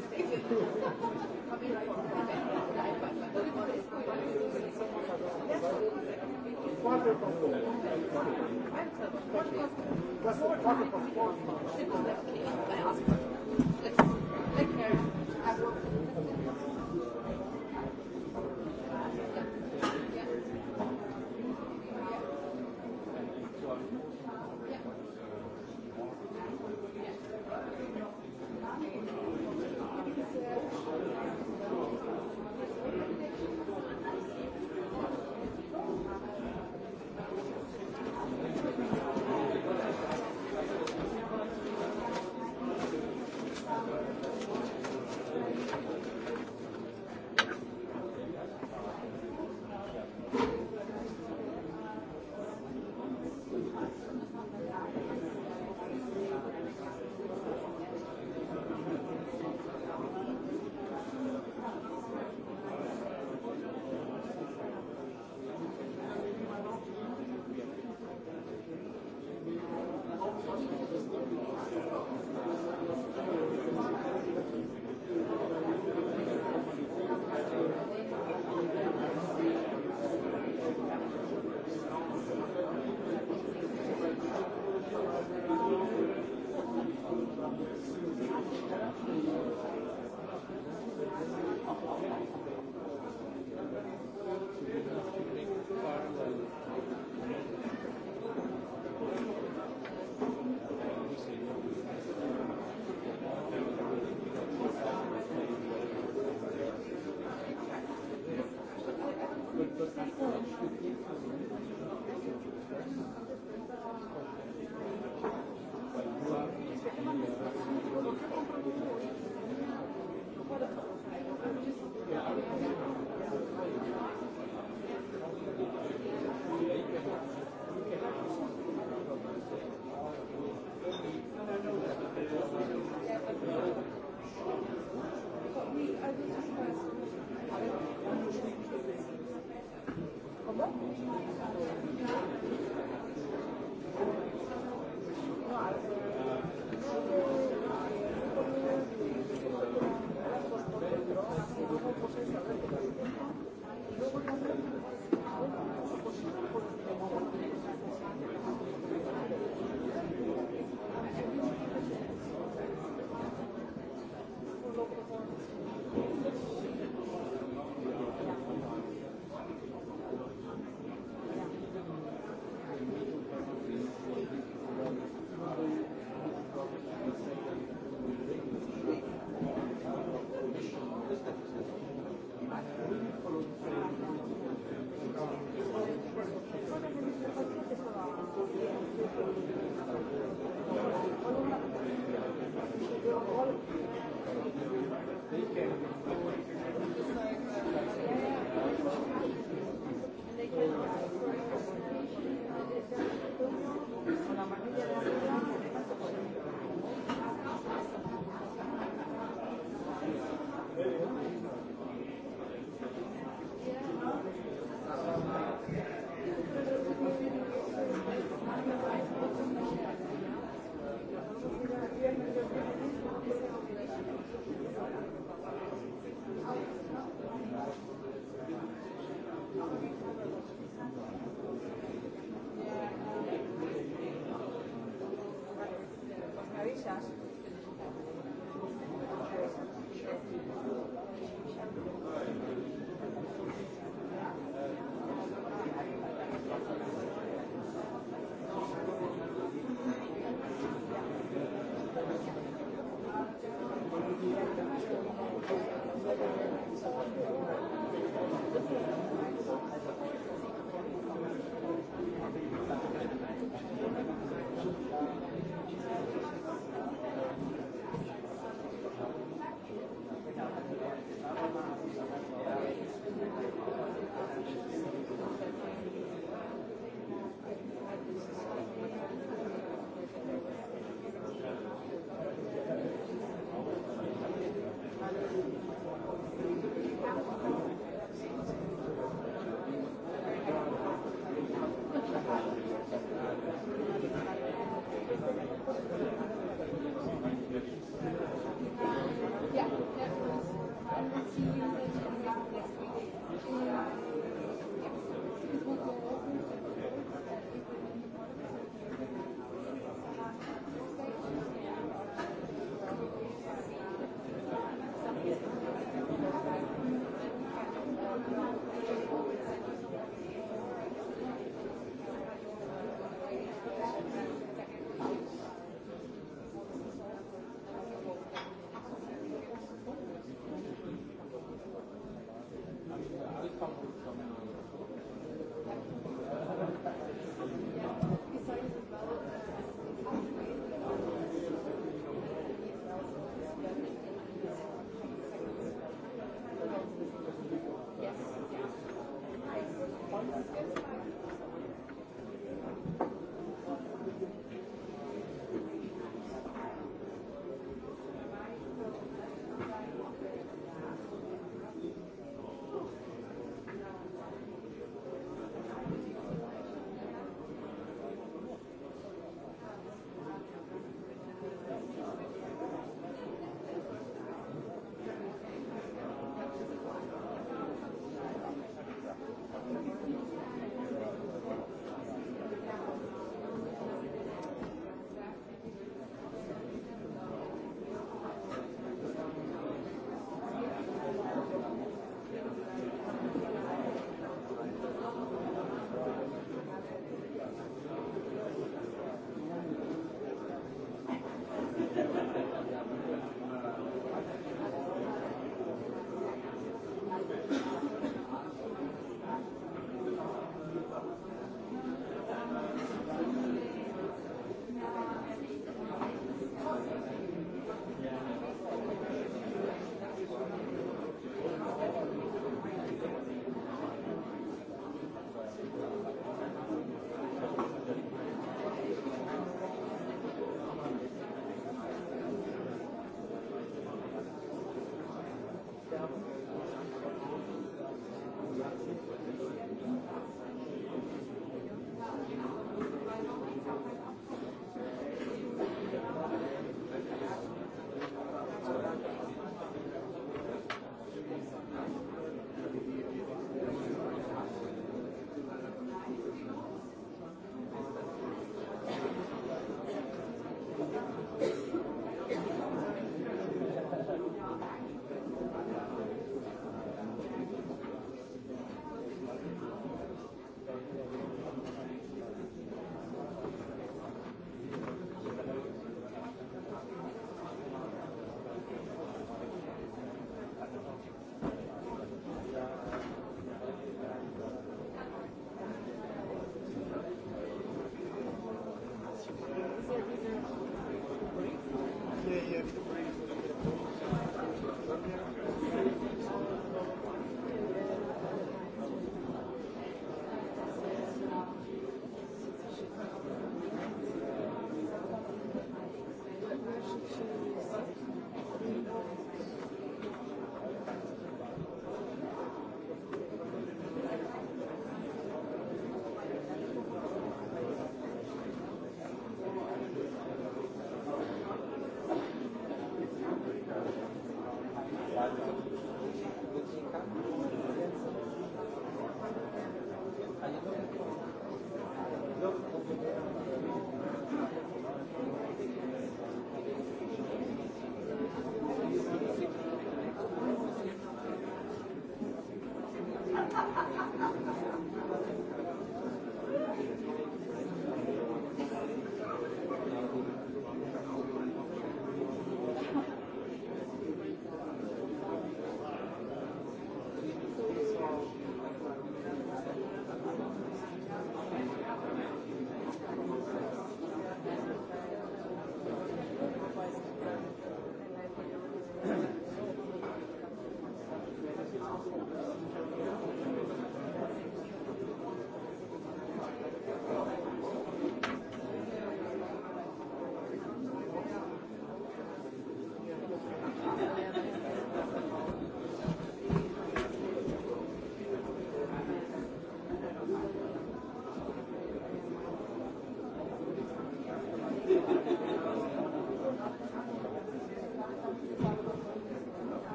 That's the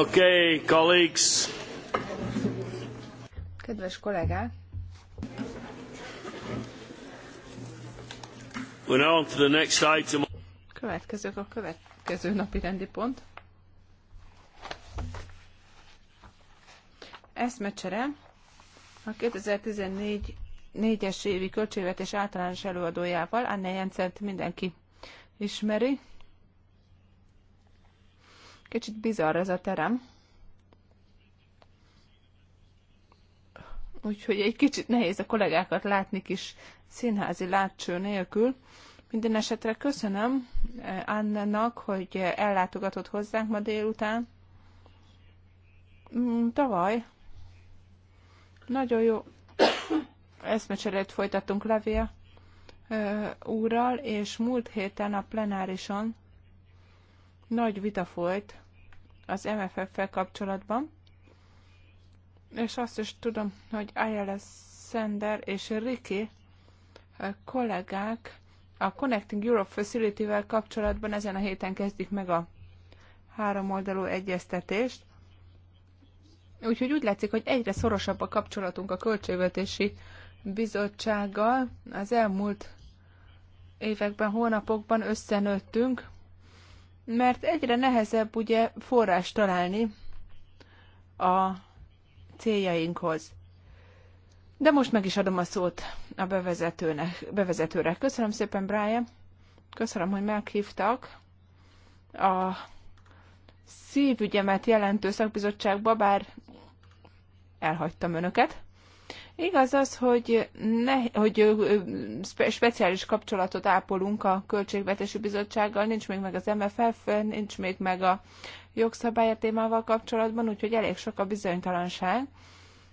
Okay, colleagues. Kedves kollégák! We're on to the next item. Következők a következő napi rendi pont. Eszmecsere a 2014 4-es évi költségvetés általános előadójával, Anne Jensent mindenki ismeri. Kicsit bizarr ez a terem. Úgyhogy egy kicsit nehéz a kollégákat látni kis színházi látcső nélkül. Minden esetre köszönöm eh, Annának, hogy ellátogatott hozzánk ma délután. Mm, tavaly nagyon jó eszmecserét folytattunk levél eh, úrral, és múlt héten a plenárison nagy vita folyt az MFF-fel kapcsolatban, és azt is tudom, hogy ILS Sender és Ricky kollégák a Connecting Europe Facility-vel kapcsolatban ezen a héten kezdik meg a három oldalú egyeztetést. Úgyhogy úgy látszik, hogy egyre szorosabb a kapcsolatunk a Költségvetési Bizottsággal. Az elmúlt években, hónapokban összenőttünk, mert egyre nehezebb ugye forrás találni a céljainkhoz. De most meg is adom a szót a bevezetőnek, bevezetőre. Köszönöm szépen, Brian. Köszönöm, hogy meghívtak. A szívügyemet jelentő szakbizottságba, bár elhagytam önöket. Igaz az, hogy, ne, hogy speciális kapcsolatot ápolunk a Költségvetési Bizottsággal, nincs még meg az MFF, nincs még meg a jogszabály témával kapcsolatban, úgyhogy elég sok a bizonytalanság.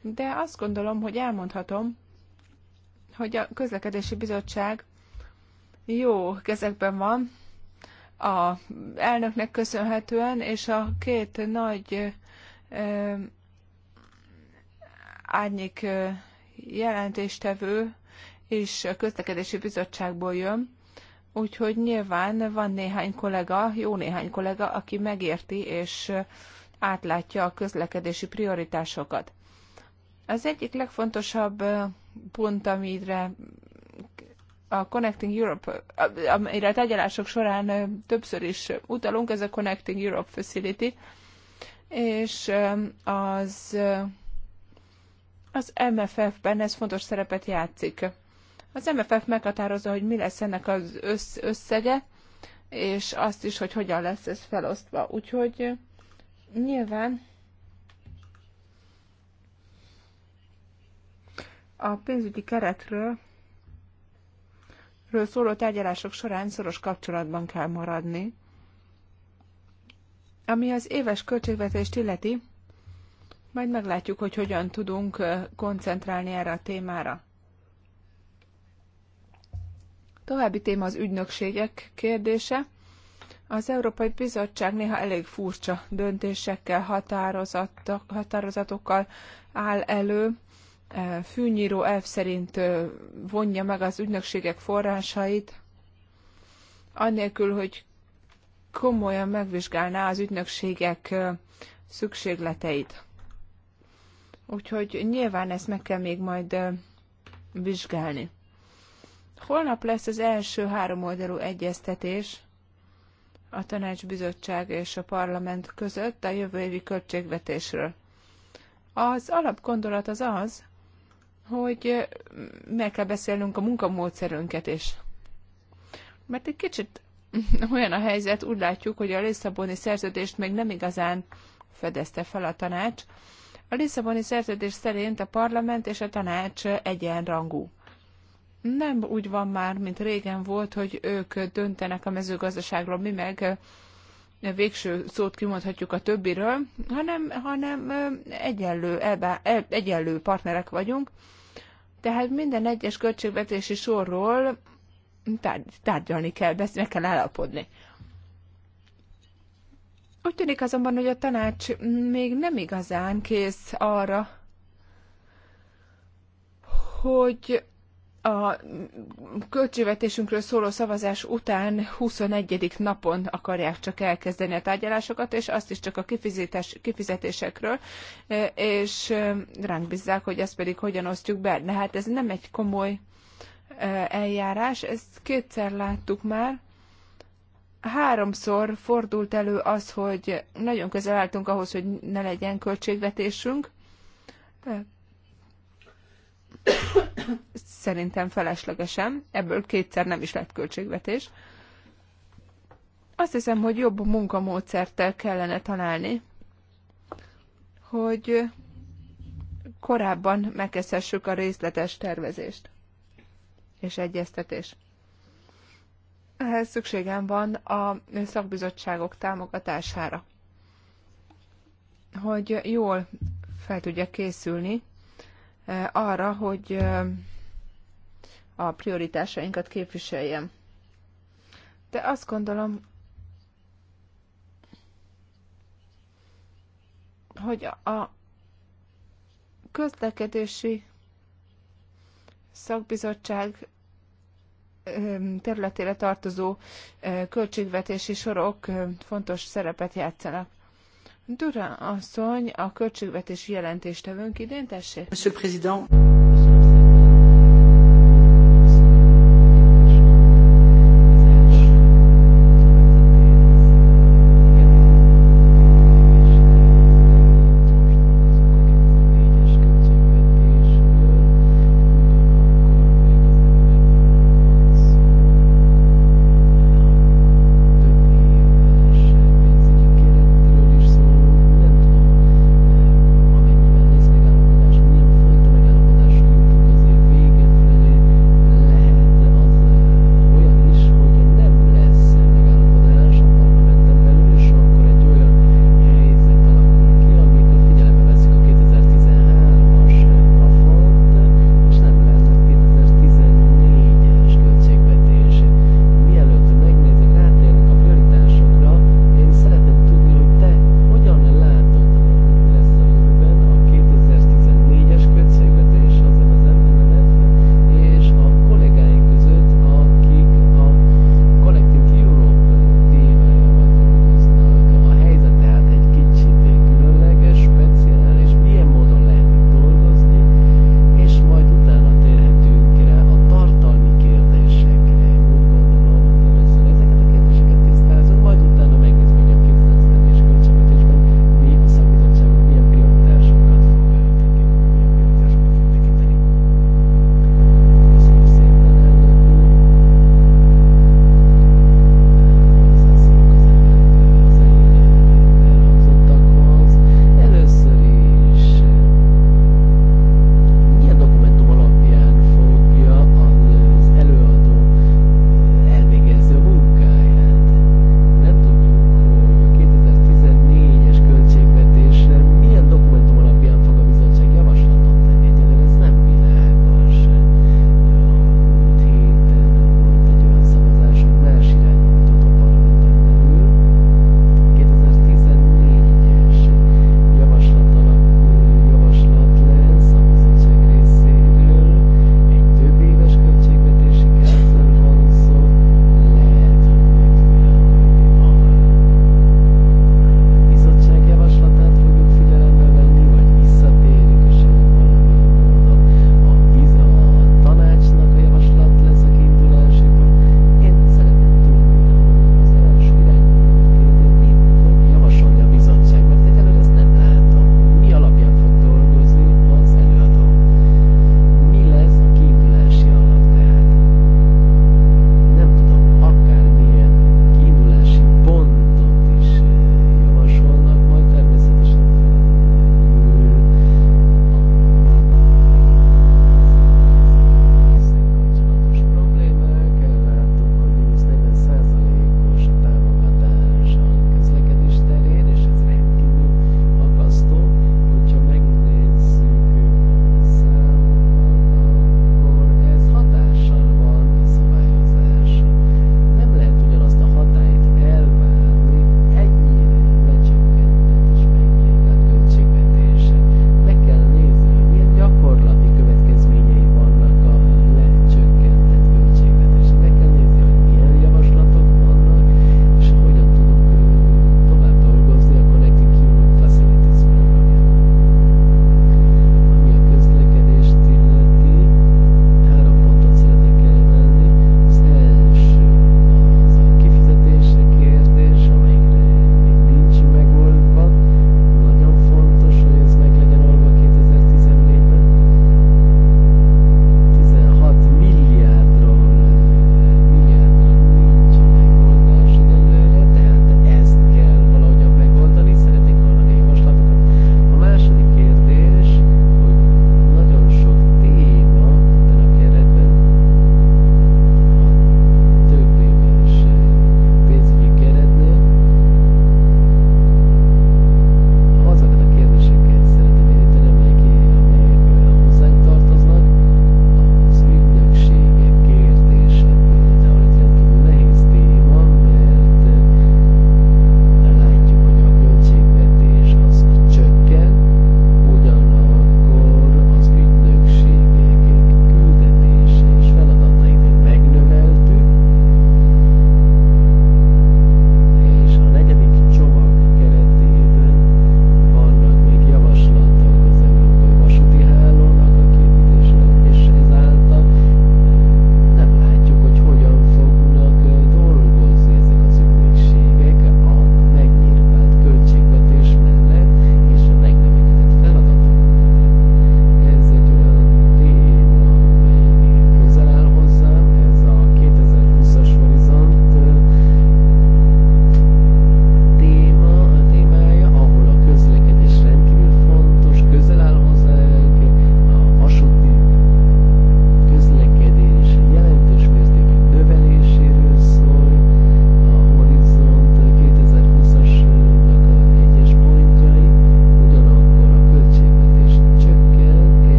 De azt gondolom, hogy elmondhatom, hogy a közlekedési bizottság jó kezekben van, a elnöknek köszönhetően, és a két nagy ö, árnyék ö, jelentéstevő és a közlekedési bizottságból jön, úgyhogy nyilván van néhány kollega, jó néhány kollega, aki megérti és átlátja a közlekedési prioritásokat. Az egyik legfontosabb pont, amire a Connecting Europe, amire a tárgyalások során többször is utalunk, ez a Connecting Europe Facility, és az az MFF-ben ez fontos szerepet játszik. Az MFF meghatározza, hogy mi lesz ennek az össz- összege, és azt is, hogy hogyan lesz ez felosztva. Úgyhogy nyilván a pénzügyi keretről ről szóló tárgyalások során szoros kapcsolatban kell maradni. Ami az éves költségvetést illeti, majd meglátjuk, hogy hogyan tudunk koncentrálni erre a témára. További téma az ügynökségek kérdése. Az Európai Bizottság néha elég furcsa döntésekkel, határozatokkal áll elő. Fűnyíró elv szerint vonja meg az ügynökségek forrásait, annélkül, hogy komolyan megvizsgálná az ügynökségek szükségleteit. Úgyhogy nyilván ezt meg kell még majd vizsgálni. Holnap lesz az első három oldalú egyeztetés a tanácsbizottság és a parlament között a jövő évi költségvetésről. Az alapgondolat az az, hogy meg kell beszélnünk a munkamódszerünket is. Mert egy kicsit olyan a helyzet, úgy látjuk, hogy a Lisszaboni szerződést még nem igazán fedezte fel a tanács, a Lisszaboni szerződés szerint a parlament és a tanács egyenrangú. Nem úgy van már, mint régen volt, hogy ők döntenek a mezőgazdaságról, mi meg végső szót kimondhatjuk a többiről, hanem, hanem egyenlő, elbá, el, egyenlő partnerek vagyunk. Tehát minden egyes költségvetési sorról tárgyalni kell, meg kell állapodni. Úgy tűnik azonban, hogy a tanács még nem igazán kész arra, hogy a költségvetésünkről szóló szavazás után 21. napon akarják csak elkezdeni a tárgyalásokat, és azt is csak a kifizetés, kifizetésekről, és ránk bízzák, hogy ezt pedig hogyan osztjuk be. De hát ez nem egy komoly eljárás, ezt kétszer láttuk már, háromszor fordult elő az, hogy nagyon közel álltunk ahhoz, hogy ne legyen költségvetésünk. Szerintem feleslegesen, ebből kétszer nem is lett költségvetés. Azt hiszem, hogy jobb munkamódszertel kellene találni, hogy korábban megkezdhessük a részletes tervezést és egyeztetést ehhez szükségem van a szakbizottságok támogatására, hogy jól fel tudjak készülni eh, arra, hogy eh, a prioritásainkat képviseljem. De azt gondolom, hogy a közlekedési szakbizottság területére tartozó költségvetési sorok fontos szerepet játszanak. Dura asszony, a költségvetési jelentéstevőnk idén, tessék. Monsieur Président.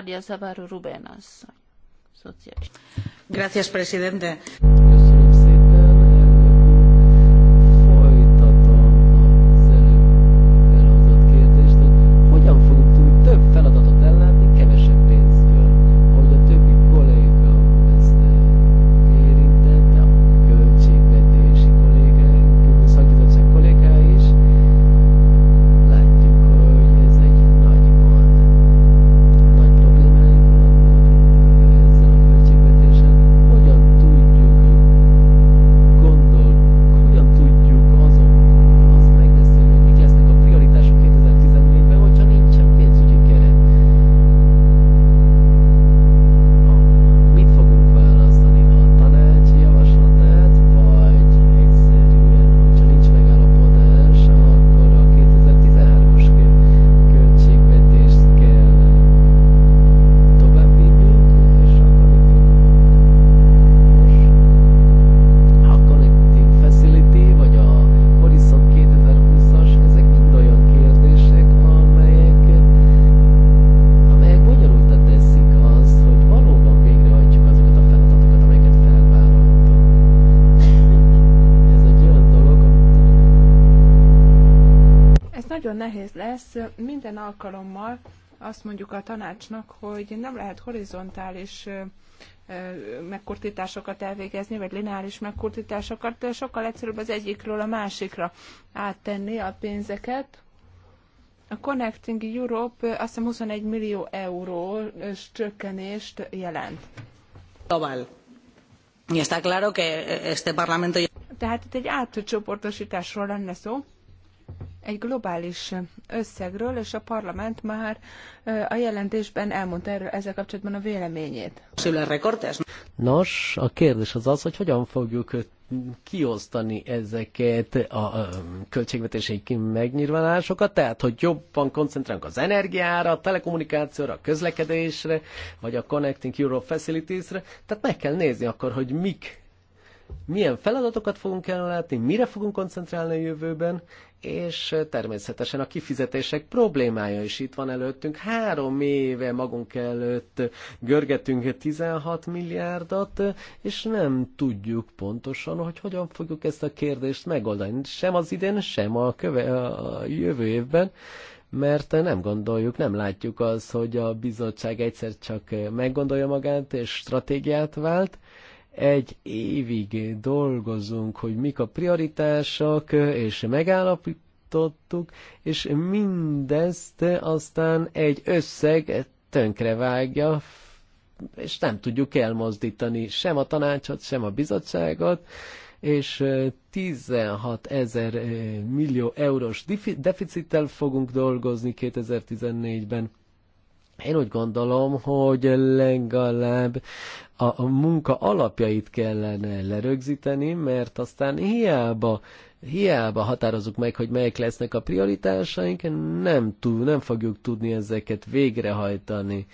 Guardia Zavaró Rubén asszony. Szociális. Gracias, presidente. Köszönöm. lesz. Minden alkalommal azt mondjuk a tanácsnak, hogy nem lehet horizontális megkurtításokat elvégezni, vagy lineáris megkurtításokat, sokkal egyszerűbb az egyikről a másikra áttenni a pénzeket. A Connecting Europe azt hiszem 21 millió eurós csökkenést jelent. Global. Y está claro que este parlamento... Tehát itt egy átcsoportosításról lenne szó egy globális összegről, és a parlament már a jelentésben elmondta erről ezzel kapcsolatban a véleményét. Nos, a kérdés az az, hogy hogyan fogjuk kiosztani ezeket a költségvetési megnyilvánulásokat, tehát hogy jobban koncentrálunk az energiára, a telekommunikációra, a közlekedésre, vagy a Connecting Europe Facilities-re, tehát meg kell nézni akkor, hogy mik milyen feladatokat fogunk ellátni, mire fogunk koncentrálni a jövőben, és természetesen a kifizetések problémája is itt van előttünk. Három éve magunk előtt görgetünk 16 milliárdat, és nem tudjuk pontosan, hogy hogyan fogjuk ezt a kérdést megoldani. Sem az idén, sem a, köve, a jövő évben mert nem gondoljuk, nem látjuk az, hogy a bizottság egyszer csak meggondolja magát és stratégiát vált, egy évig dolgozunk, hogy mik a prioritások, és megállapítottuk, és mindezt aztán egy összeg tönkrevágja, és nem tudjuk elmozdítani sem a tanácsot, sem a bizottságot, és 16 ezer eh, millió eurós deficittel fogunk dolgozni 2014-ben. Én úgy gondolom, hogy legalább a munka alapjait kellene lerögzíteni, mert aztán hiába, hiába határozunk meg, hogy melyek lesznek a prioritásaink, nem, tud, nem fogjuk tudni ezeket végrehajtani.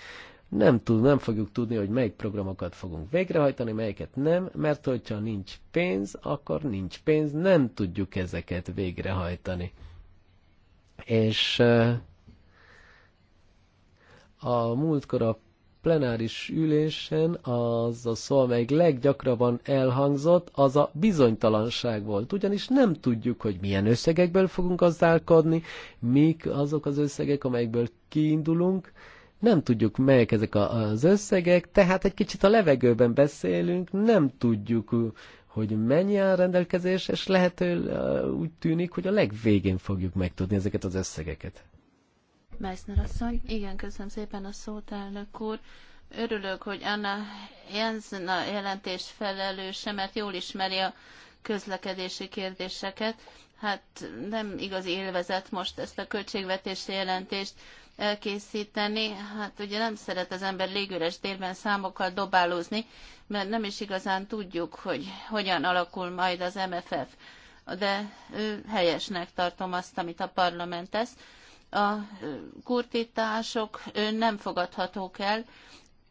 Nem, tud, nem fogjuk tudni, hogy melyik programokat fogunk végrehajtani, melyeket nem, mert hogyha nincs pénz, akkor nincs pénz, nem tudjuk ezeket végrehajtani. És eh, a múltkor a plenáris ülésen az a szó, amelyik leggyakrabban elhangzott, az a bizonytalanság volt. Ugyanis nem tudjuk, hogy milyen összegekből fogunk gazdálkodni, mik azok az összegek, amelyekből kiindulunk, nem tudjuk, melyek ezek az összegek, tehát egy kicsit a levegőben beszélünk, nem tudjuk, hogy mennyi áll rendelkezés, és lehető úgy tűnik, hogy a legvégén fogjuk megtudni ezeket az összegeket. Meissner asszony. Igen, köszönöm szépen a szót, elnök úr. Örülök, hogy Anna Jensen a jelentés felelőse, mert jól ismeri a közlekedési kérdéseket. Hát nem igaz élvezet most ezt a költségvetési jelentést elkészíteni. Hát ugye nem szeret az ember légüres térben számokkal dobálózni, mert nem is igazán tudjuk, hogy hogyan alakul majd az MFF. De ő helyesnek tartom azt, amit a parlament tesz a kurtítások nem fogadhatók el,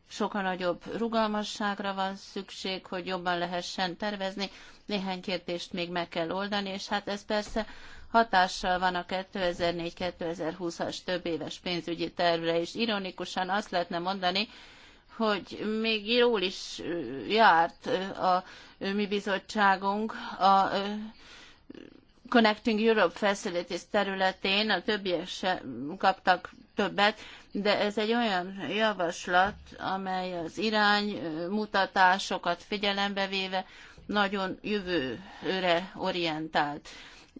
sokkal nagyobb rugalmasságra van szükség, hogy jobban lehessen tervezni. Néhány kérdést még meg kell oldani, és hát ez persze hatással van a 2004-2020-as több éves pénzügyi tervre és Ironikusan azt lehetne mondani, hogy még jól is járt a mi bizottságunk a Connecting Europe Facilities területén, a többiek sem kaptak többet, de ez egy olyan javaslat, amely az irány figyelembe véve nagyon jövőre orientált.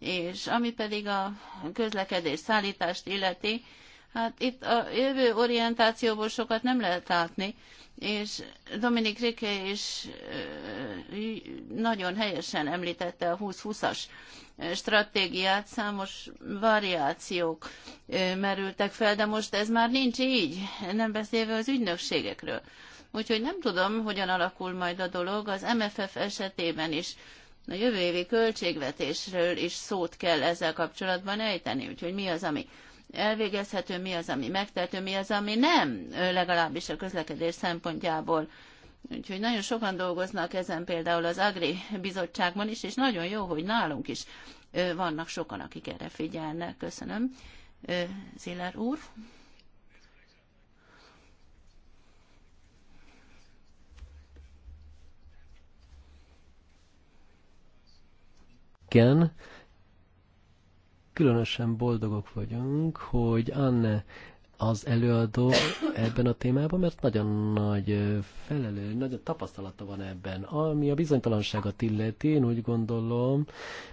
És ami pedig a közlekedés szállítást illeti, Hát itt a jövő orientációból sokat nem lehet látni, és Dominik Rike is nagyon helyesen említette a 20-20-as stratégiát, számos variációk merültek fel, de most ez már nincs így, nem beszélve az ügynökségekről. Úgyhogy nem tudom, hogyan alakul majd a dolog az MFF esetében is. A jövő évi költségvetésről is szót kell ezzel kapcsolatban ejteni, úgyhogy mi az, ami elvégezhető, mi az, ami megtehető, mi az, ami nem, legalábbis a közlekedés szempontjából. Úgyhogy nagyon sokan dolgoznak ezen például az Agri Bizottságban is, és nagyon jó, hogy nálunk is vannak sokan, akik erre figyelnek. Köszönöm. Ziller úr. Igen különösen boldogok vagyunk, hogy Anne az előadó ebben a témában, mert nagyon nagy felelő, nagy tapasztalata van ebben. Ami a bizonytalanságot illeti, én úgy gondolom,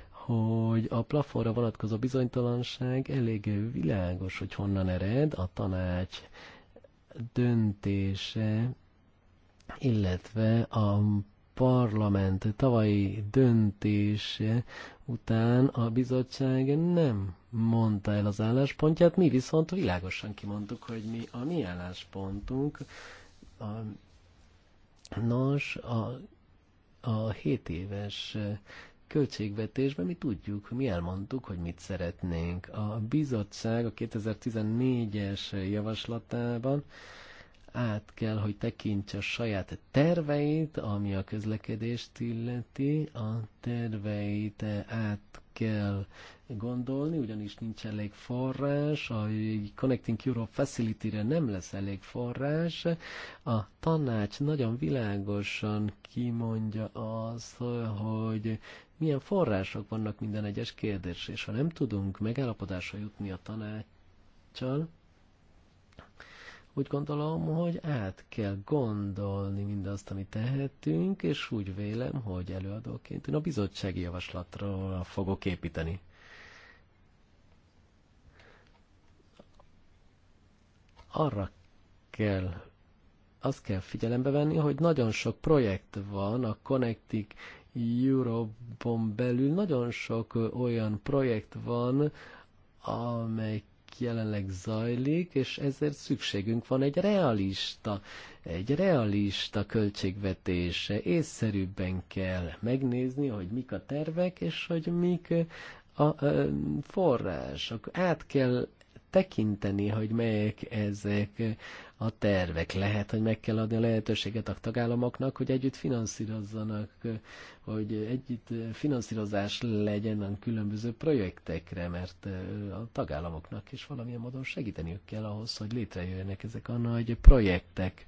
hogy a plafonra vonatkozó bizonytalanság elég világos, hogy honnan ered a tanács döntése, illetve a parlament tavalyi döntése után a bizottság nem mondta el az álláspontját, mi viszont világosan kimondtuk, hogy mi a mi álláspontunk. A, nos, a, a 7 éves költségvetésben mi tudjuk, mi elmondtuk, hogy mit szeretnénk. A bizottság a 2014-es javaslatában át kell, hogy tekintse a saját terveit, ami a közlekedést illeti, a terveit át kell gondolni, ugyanis nincs elég forrás, a Connecting Europe Facility-re nem lesz elég forrás. A tanács nagyon világosan kimondja azt, hogy milyen források vannak minden egyes kérdés, és ha nem tudunk megállapodásra jutni a tanácssal, úgy gondolom, hogy át kell gondolni mindazt, amit tehetünk, és úgy vélem, hogy előadóként én a bizottsági javaslatra fogok építeni. Arra kell azt kell figyelembe venni, hogy nagyon sok projekt van a Connecting Europe-on belül, nagyon sok olyan projekt van, amely jelenleg zajlik, és ezért szükségünk van egy realista, egy realista költségvetése. Észszerűbben kell megnézni, hogy mik a tervek, és hogy mik a források. Át kell tekinteni, hogy melyek ezek a tervek. Lehet, hogy meg kell adni a lehetőséget a tagállamoknak, hogy együtt finanszírozzanak, hogy együtt finanszírozás legyen a különböző projektekre, mert a tagállamoknak is valamilyen módon segíteniük kell ahhoz, hogy létrejöjjenek ezek a nagy projektek.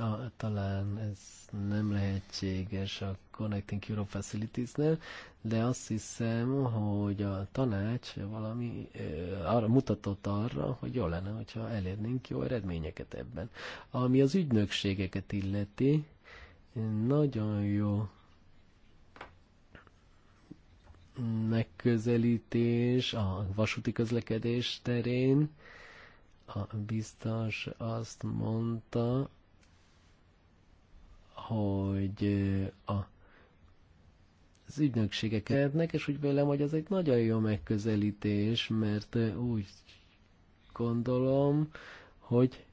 a, talán ez nem lehetséges a Connecting Europe Facilities-nél, de azt hiszem, hogy a tanács valami ö, arra mutatott arra, hogy jó lenne, hogyha elérnénk jó eredményeket ebben. Ami az ügynökségeket illeti, nagyon jó megközelítés a vasúti közlekedés terén. A biztos azt mondta, hogy a az ügynökségek lehetnek, és úgy vélem, hogy ez egy nagyon jó megközelítés, mert úgy gondolom, hogy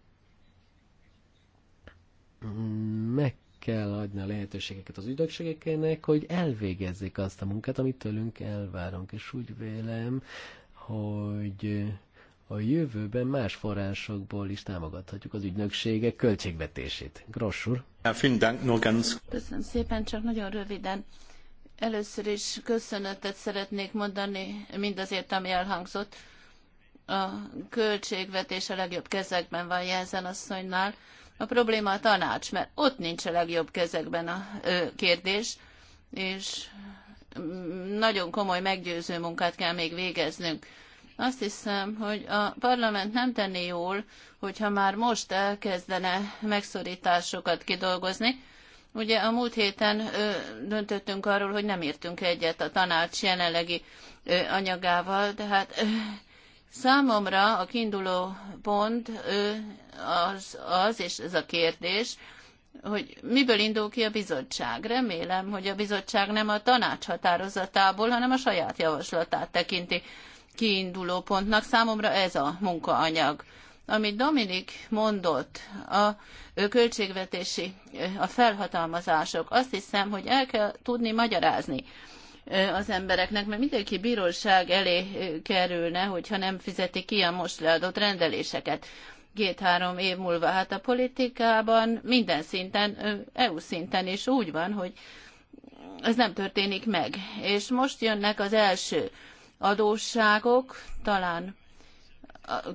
meg kell adni a lehetőségeket az ügynökségeknek, hogy elvégezzék azt a munkát, amit tőlünk elvárunk, és úgy vélem, hogy a jövőben más forrásokból is támogathatjuk az ügynökségek költségvetését. Grossur. Köszönöm szépen, csak nagyon röviden. Először is köszönetet szeretnék mondani mindazért, ami elhangzott. A költségvetés a legjobb kezekben van Jelzen asszonynál. A probléma a tanács, mert ott nincs a legjobb kezekben a kérdés, és mm, nagyon komoly meggyőző munkát kell még végeznünk azt hiszem, hogy a parlament nem tenné jól, hogyha már most elkezdene megszorításokat kidolgozni. Ugye a múlt héten ö, döntöttünk arról, hogy nem értünk egyet a tanács jelenlegi ö, anyagával, hát ö, számomra a kiinduló pont ö, az, az, és ez a kérdés, hogy miből indul ki a bizottság. Remélem, hogy a bizottság nem a tanács határozatából, hanem a saját javaslatát tekinti kiinduló pontnak. Számomra ez a munkaanyag. Amit Dominik mondott, a költségvetési, a felhatalmazások, azt hiszem, hogy el kell tudni magyarázni az embereknek, mert mindenki bíróság elé kerülne, hogyha nem fizeti ki a most leadott rendeléseket két-három év múlva. Hát a politikában minden szinten, EU szinten is úgy van, hogy ez nem történik meg. És most jönnek az első adósságok, talán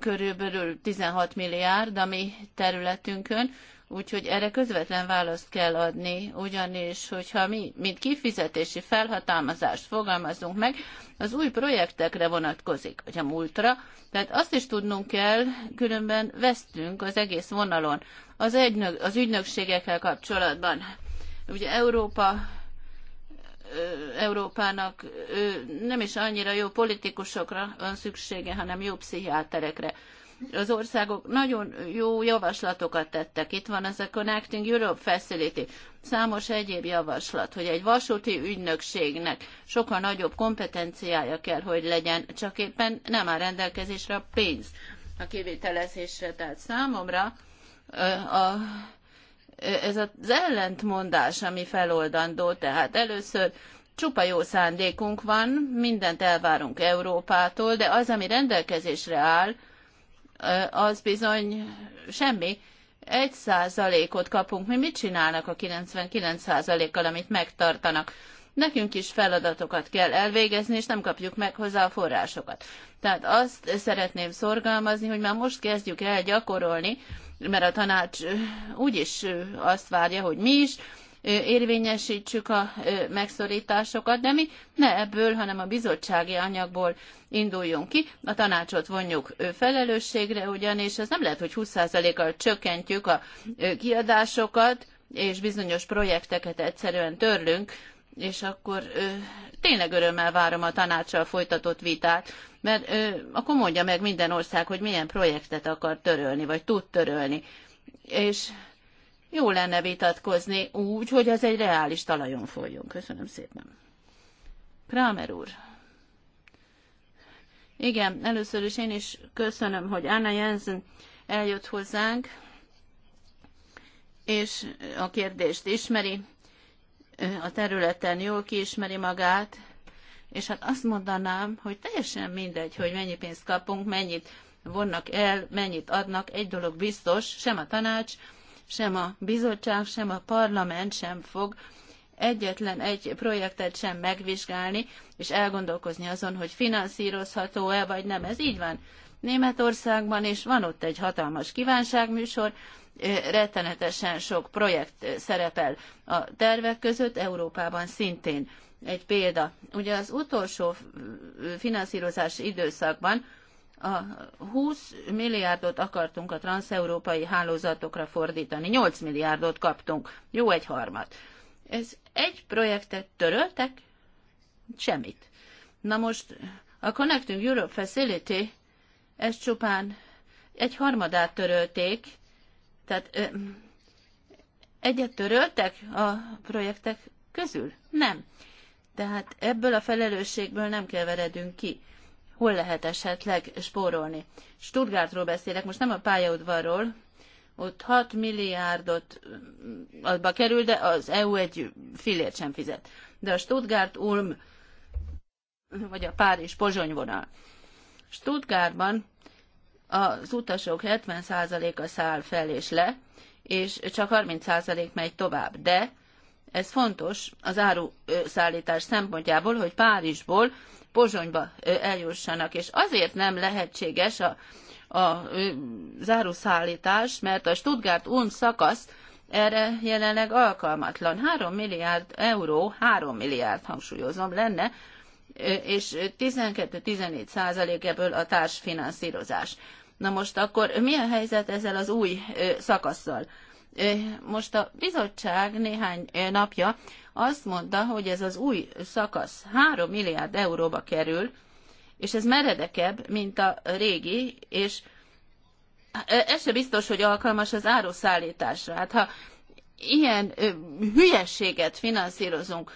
körülbelül 16 milliárd a mi területünkön, úgyhogy erre közvetlen választ kell adni, ugyanis, hogyha mi, mint kifizetési felhatalmazást fogalmazunk meg, az új projektekre vonatkozik, vagy a múltra, tehát azt is tudnunk kell, különben vesztünk az egész vonalon. Az, egynök, az ügynökségekkel kapcsolatban, ugye Európa Európának nem is annyira jó politikusokra van szüksége, hanem jó pszichiáterekre. Az országok nagyon jó javaslatokat tettek. Itt van ez a Connecting Europe Facility, számos egyéb javaslat, hogy egy vasúti ügynökségnek sokkal nagyobb kompetenciája kell, hogy legyen, csak éppen nem áll rendelkezésre a pénz a kivitelezésre. Tehát számomra a ez az ellentmondás, ami feloldandó, tehát először csupa jó szándékunk van, mindent elvárunk Európától, de az, ami rendelkezésre áll, az bizony semmi. Egy százalékot kapunk. Mi mit csinálnak a 99 százalékkal, amit megtartanak? Nekünk is feladatokat kell elvégezni, és nem kapjuk meg hozzá a forrásokat. Tehát azt szeretném szorgalmazni, hogy már most kezdjük el gyakorolni mert a tanács úgyis azt várja, hogy mi is érvényesítsük a megszorításokat, de mi ne ebből, hanem a bizottsági anyagból induljunk ki. A tanácsot vonjuk felelősségre, ugyanis ez nem lehet, hogy 20%-kal csökkentjük a kiadásokat, és bizonyos projekteket egyszerűen törlünk, és akkor ö, tényleg örömmel várom a tanácssal folytatott vitát, mert ö, akkor mondja meg minden ország, hogy milyen projektet akar törölni, vagy tud törölni. És jó lenne vitatkozni úgy, hogy az egy reális talajon folyjon. Köszönöm szépen. Kramer úr. Igen, először is én is köszönöm, hogy Anna Jensen eljött hozzánk, és a kérdést ismeri a területen jól kiismeri magát, és hát azt mondanám, hogy teljesen mindegy, hogy mennyi pénzt kapunk, mennyit vonnak el, mennyit adnak, egy dolog biztos, sem a tanács, sem a bizottság, sem a parlament sem fog egyetlen egy projektet sem megvizsgálni, és elgondolkozni azon, hogy finanszírozható-e vagy nem. Ez így van. Németországban, és van ott egy hatalmas kívánságműsor, rettenetesen sok projekt szerepel a tervek között, Európában szintén egy példa. Ugye az utolsó finanszírozás időszakban a 20 milliárdot akartunk a transeurópai hálózatokra fordítani, 8 milliárdot kaptunk, jó egy harmat. Ez egy projektet töröltek, semmit. Na most a Connecting Europe Facility ez csupán egy harmadát törölték, tehát egyet töröltek a projektek közül? Nem. Tehát ebből a felelősségből nem keveredünk ki. Hol lehet esetleg spórolni? Stuttgartról beszélek, most nem a pályaudvarról, ott 6 milliárdot adba kerül, de az EU egy fillért sem fizet. De a Stuttgart-Ulm, vagy a Párizs-Pozsony vonal, Stuttgartban az utasok 70%-a száll fel és le, és csak 30% megy tovább. De ez fontos az áruszállítás szempontjából, hogy Párizsból Pozsonyba eljussanak, és azért nem lehetséges a, a záruszállítás, mert a stuttgart un szakasz erre jelenleg alkalmatlan. 3 milliárd euró, 3 milliárd hangsúlyozom, lenne és 12-14 százalék ebből a társfinanszírozás. Na most akkor mi a helyzet ezzel az új szakaszsal? Most a bizottság néhány napja azt mondta, hogy ez az új szakasz 3 milliárd euróba kerül, és ez meredekebb, mint a régi, és ez se biztos, hogy alkalmas az áruszállításra. Hát ha ilyen hülyességet finanszírozunk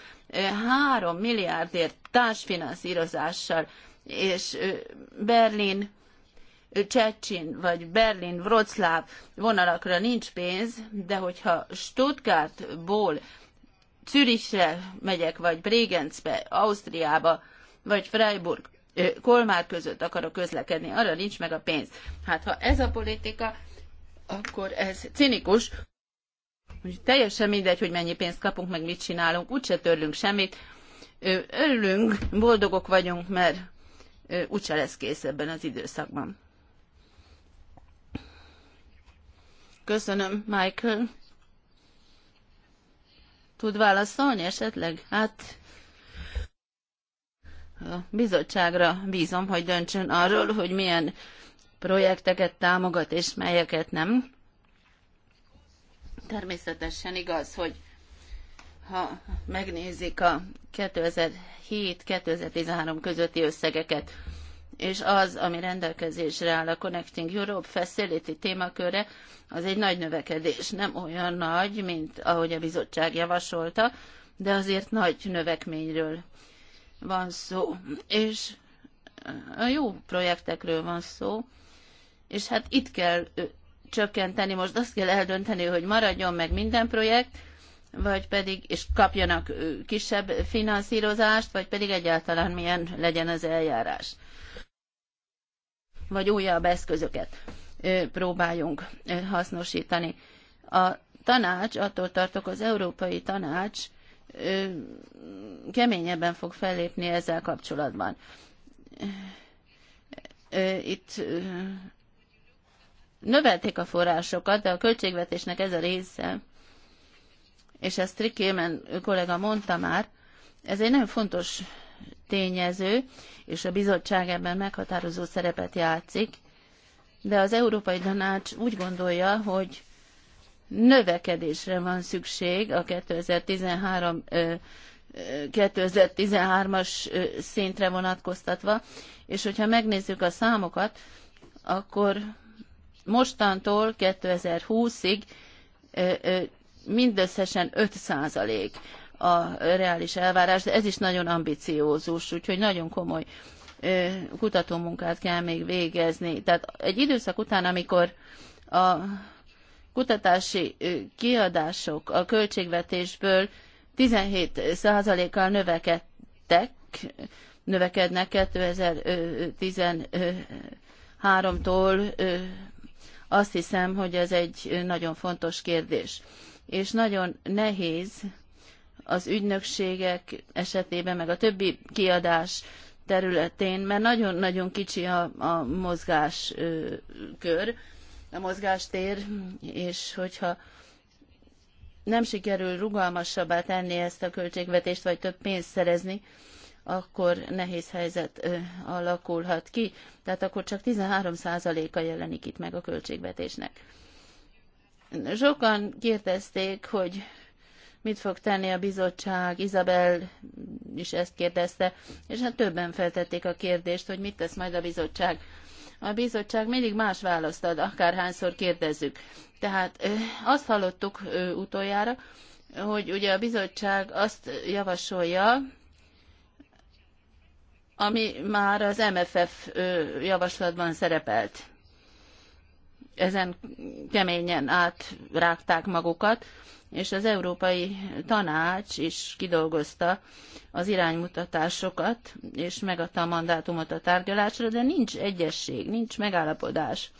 három milliárdért társfinanszírozással, és Berlin Csecsin vagy Berlin Wroclaw vonalakra nincs pénz, de hogyha Stuttgartból Zürichre megyek, vagy Bregenzbe, Ausztriába, vagy Freiburg, Kolmár között akarok közlekedni, arra nincs meg a pénz. Hát ha ez a politika, akkor ez cinikus hogy teljesen mindegy, hogy mennyi pénzt kapunk, meg mit csinálunk, úgyse törlünk semmit. Örülünk, boldogok vagyunk, mert úgyse lesz kész ebben az időszakban. Köszönöm, Michael. Tud válaszolni esetleg? Hát a bizottságra bízom, hogy döntsön arról, hogy milyen projekteket támogat és melyeket nem. Természetesen igaz, hogy ha megnézik a 2007-2013 közötti összegeket, és az, ami rendelkezésre áll a Connecting Europe Facility témakörre, az egy nagy növekedés. Nem olyan nagy, mint ahogy a bizottság javasolta, de azért nagy növekményről van szó. És a jó projektekről van szó, és hát itt kell csökkenteni, most azt kell eldönteni, hogy maradjon meg minden projekt, vagy pedig, és kapjanak kisebb finanszírozást, vagy pedig egyáltalán milyen legyen az eljárás. Vagy újabb eszközöket próbáljunk hasznosítani. A tanács, attól tartok, az Európai Tanács keményebben fog fellépni ezzel kapcsolatban. Itt növelték a forrásokat, de a költségvetésnek ez a része, és ezt Trikémen kollega mondta már, ez egy nagyon fontos tényező, és a bizottság ebben meghatározó szerepet játszik, de az Európai Tanács úgy gondolja, hogy növekedésre van szükség a 2013 2013-as szintre vonatkoztatva, és hogyha megnézzük a számokat, akkor mostantól 2020-ig mindösszesen 5 százalék a reális elvárás, de ez is nagyon ambiciózus, úgyhogy nagyon komoly kutatómunkát kell még végezni. Tehát egy időszak után, amikor a kutatási kiadások a költségvetésből 17%-kal növekedtek, növekednek 2013-tól azt hiszem, hogy ez egy nagyon fontos kérdés. És nagyon nehéz az ügynökségek esetében, meg a többi kiadás területén, mert nagyon-nagyon kicsi a, a kör, a mozgástér, és hogyha nem sikerül rugalmasabbá tenni ezt a költségvetést, vagy több pénzt szerezni, akkor nehéz helyzet alakulhat ki, tehát akkor csak 13%-a jelenik itt meg a költségvetésnek. Sokan kérdezték, hogy mit fog tenni a bizottság, Izabel is ezt kérdezte, és hát többen feltették a kérdést, hogy mit tesz majd a bizottság. A bizottság mindig más választ ad, akárhányszor kérdezzük. Tehát azt hallottuk utoljára, hogy ugye a bizottság azt javasolja, ami már az MFF javaslatban szerepelt. Ezen keményen átrágták magukat, és az Európai Tanács is kidolgozta az iránymutatásokat, és megadta a mandátumot a tárgyalásra, de nincs egyesség, nincs megállapodás.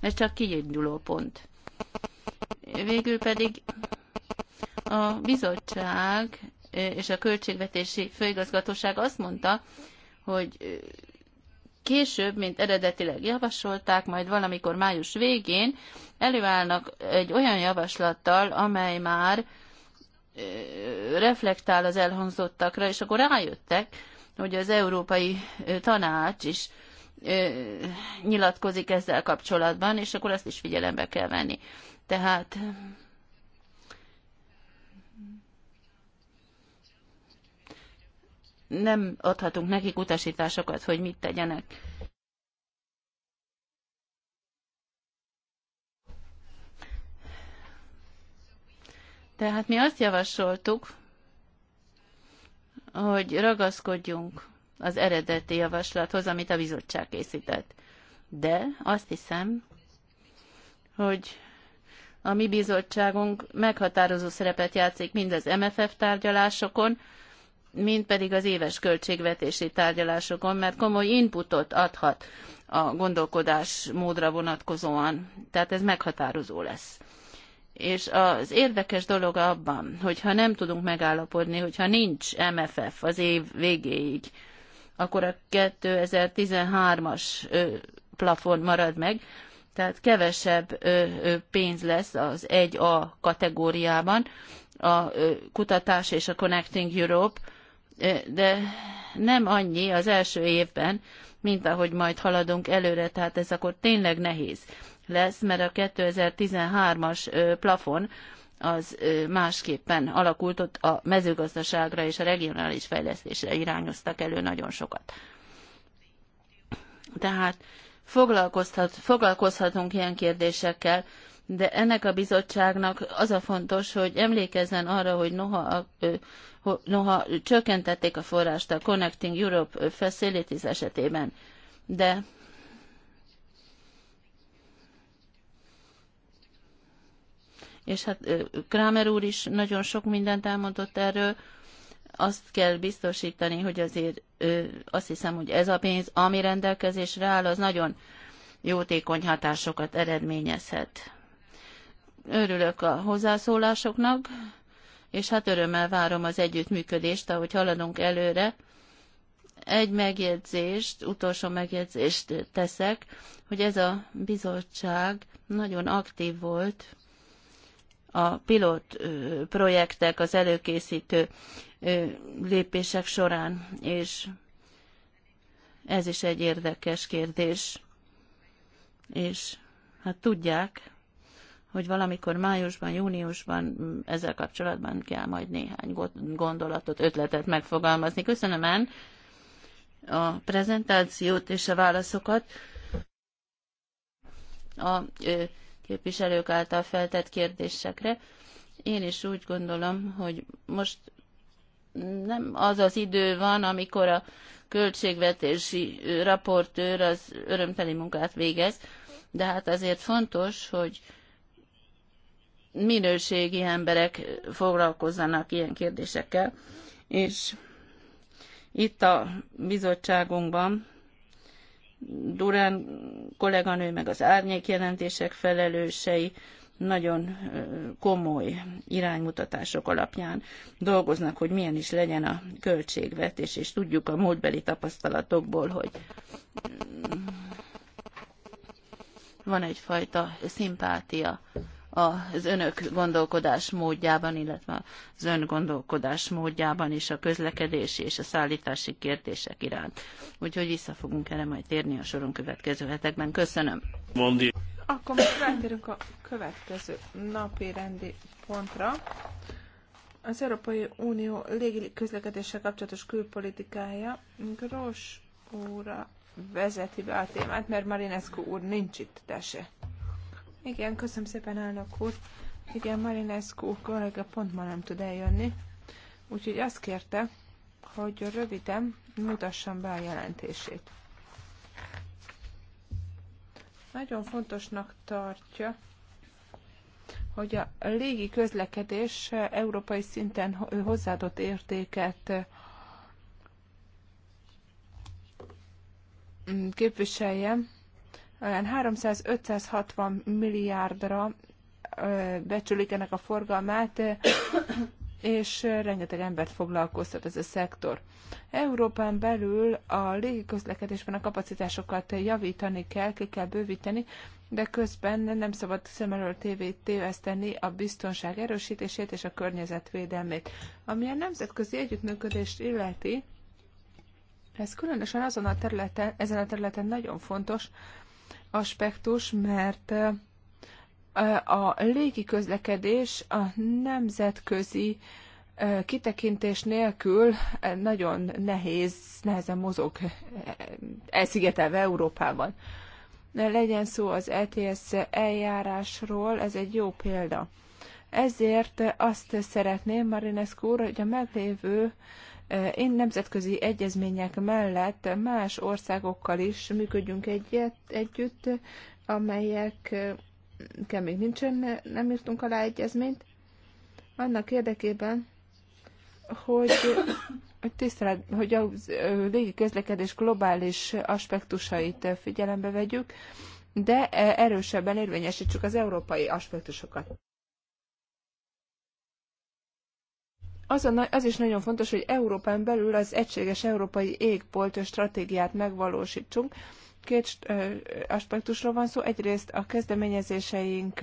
Ez csak kiinduló pont. Végül pedig a bizottság és a Költségvetési Főigazgatóság azt mondta, hogy később, mint eredetileg javasolták, majd valamikor május végén előállnak egy olyan javaslattal, amely már reflektál az elhangzottakra, és akkor rájöttek, hogy az Európai Tanács is nyilatkozik ezzel kapcsolatban, és akkor azt is figyelembe kell venni. Tehát nem adhatunk nekik utasításokat, hogy mit tegyenek. Tehát mi azt javasoltuk, hogy ragaszkodjunk az eredeti javaslathoz, amit a bizottság készített. De azt hiszem, hogy a mi bizottságunk meghatározó szerepet játszik mind az MFF tárgyalásokon, mint pedig az éves költségvetési tárgyalásokon, mert komoly inputot adhat a gondolkodásmódra vonatkozóan. Tehát ez meghatározó lesz. És az érdekes dolog abban, hogyha nem tudunk megállapodni, hogyha nincs MFF az év végéig, akkor a 2013-as plafon marad meg, tehát kevesebb pénz lesz az 1A kategóriában, a kutatás és a Connecting Europe de nem annyi az első évben, mint ahogy majd haladunk előre, tehát ez akkor tényleg nehéz lesz, mert a 2013-as plafon az másképpen alakult, ott a mezőgazdaságra és a regionális fejlesztésre irányoztak elő nagyon sokat. Tehát foglalkozhat, foglalkozhatunk ilyen kérdésekkel, de ennek a bizottságnak az a fontos, hogy emlékezzen arra, hogy noha a noha csökkentették a forrást a Connecting Europe Facilities esetében, de és hát Kramer úr is nagyon sok mindent elmondott erről, azt kell biztosítani, hogy azért azt hiszem, hogy ez a pénz, ami rendelkezésre áll, az nagyon jótékony hatásokat eredményezhet. Örülök a hozzászólásoknak és hát örömmel várom az együttműködést, ahogy haladunk előre. Egy megjegyzést, utolsó megjegyzést teszek, hogy ez a bizottság nagyon aktív volt a pilot projektek, az előkészítő lépések során, és ez is egy érdekes kérdés. És hát tudják, hogy valamikor májusban, júniusban mm, ezzel kapcsolatban kell majd néhány gondolatot, ötletet megfogalmazni. Köszönöm Ann a prezentációt és a válaszokat. A képviselők által feltett kérdésekre. Én is úgy gondolom, hogy most nem az az idő van, amikor a költségvetési raportőr az örömteli munkát végez, de hát azért fontos, hogy minőségi emberek foglalkozzanak ilyen kérdésekkel. És itt a bizottságunkban Durán kolléganő meg az árnyék jelentések felelősei nagyon komoly iránymutatások alapján dolgoznak, hogy milyen is legyen a költségvetés, és tudjuk a múltbeli tapasztalatokból, hogy mm, van egyfajta szimpátia az önök gondolkodás módjában, illetve az ön gondolkodás módjában is a közlekedési és a szállítási kérdések iránt. Úgyhogy vissza fogunk erre majd térni a soron következő hetekben. Köszönöm. Mondi. Akkor most rátérünk a következő napi rendi pontra. Az Európai Unió légi közlekedéssel kapcsolatos külpolitikája Gross úra vezeti be a témát, mert Marinescu úr nincs itt, tese. Igen, köszönöm szépen, elnök úr. Igen, Marinescu kollega pont ma nem tud eljönni, úgyhogy azt kérte, hogy röviden mutassam be a jelentését. Nagyon fontosnak tartja, hogy a légi közlekedés európai szinten hozzáadott értéket mm, képviseljem, olyan 300-560 milliárdra becsülik ennek a forgalmát, és rengeteg embert foglalkoztat ez a szektor. Európán belül a légiközlekedésben a kapacitásokat javítani kell, ki kell bővíteni, de közben nem szabad szem elől téveszteni a biztonság erősítését és a környezetvédelmét. Ami a nemzetközi együttműködést illeti, ez különösen azon a területen, ezen a területen nagyon fontos, aspektus, mert a légi közlekedés a nemzetközi kitekintés nélkül nagyon nehéz, nehezen mozog elszigetelve Európában. Legyen szó az ETS eljárásról, ez egy jó példa. Ezért azt szeretném, Marinescu úr, hogy a meglévő én nemzetközi egyezmények mellett más országokkal is működjünk egyet, együtt, amelyek még nincsen, nem írtunk alá egyezményt, annak érdekében, hogy tisztelet, hogy a légi közlekedés globális aspektusait figyelembe vegyük, de erősebben érvényesítsük az európai aspektusokat. Az, a, az is nagyon fontos, hogy Európán belül az egységes európai égbolt stratégiát megvalósítsunk. Két aspektusról van szó. Egyrészt a kezdeményezéseink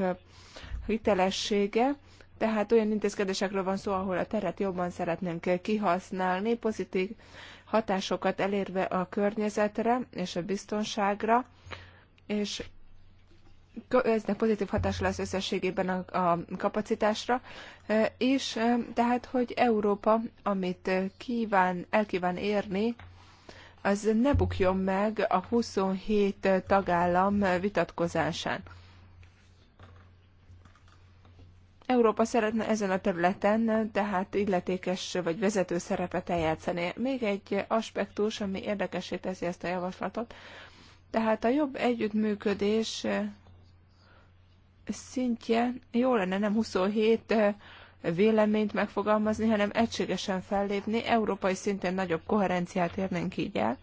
hitelessége, tehát olyan intézkedésekről van szó, ahol a teret jobban szeretnénk kihasználni, pozitív hatásokat elérve a környezetre és a biztonságra, és eznek pozitív hatása lesz összességében a, a kapacitásra, e, és e, tehát, hogy Európa, amit e, kíván, elkíván érni, az ne bukjon meg a 27 tagállam vitatkozásán. Európa szeretne ezen a területen tehát illetékes vagy vezető szerepet eljátszani. Még egy aspektus, ami érdekesé teszi ezt a javaslatot, tehát a jobb együttműködés szintje jó lenne nem 27 véleményt megfogalmazni, hanem egységesen fellépni. Európai szinten nagyobb koherenciát érnénk így el.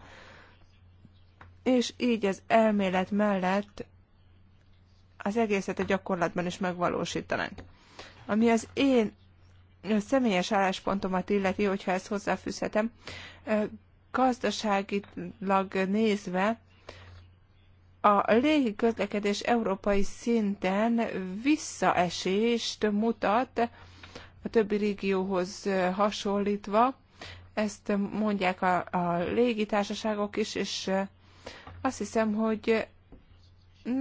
És így az elmélet mellett az egészet a gyakorlatban is megvalósítanánk. Ami az én személyes álláspontomat illeti, hogyha ezt hozzáfűzhetem, gazdaságilag nézve a légi közlekedés európai szinten visszaesést mutat a többi régióhoz hasonlítva. Ezt mondják a, a légitársaságok is, és azt hiszem, hogy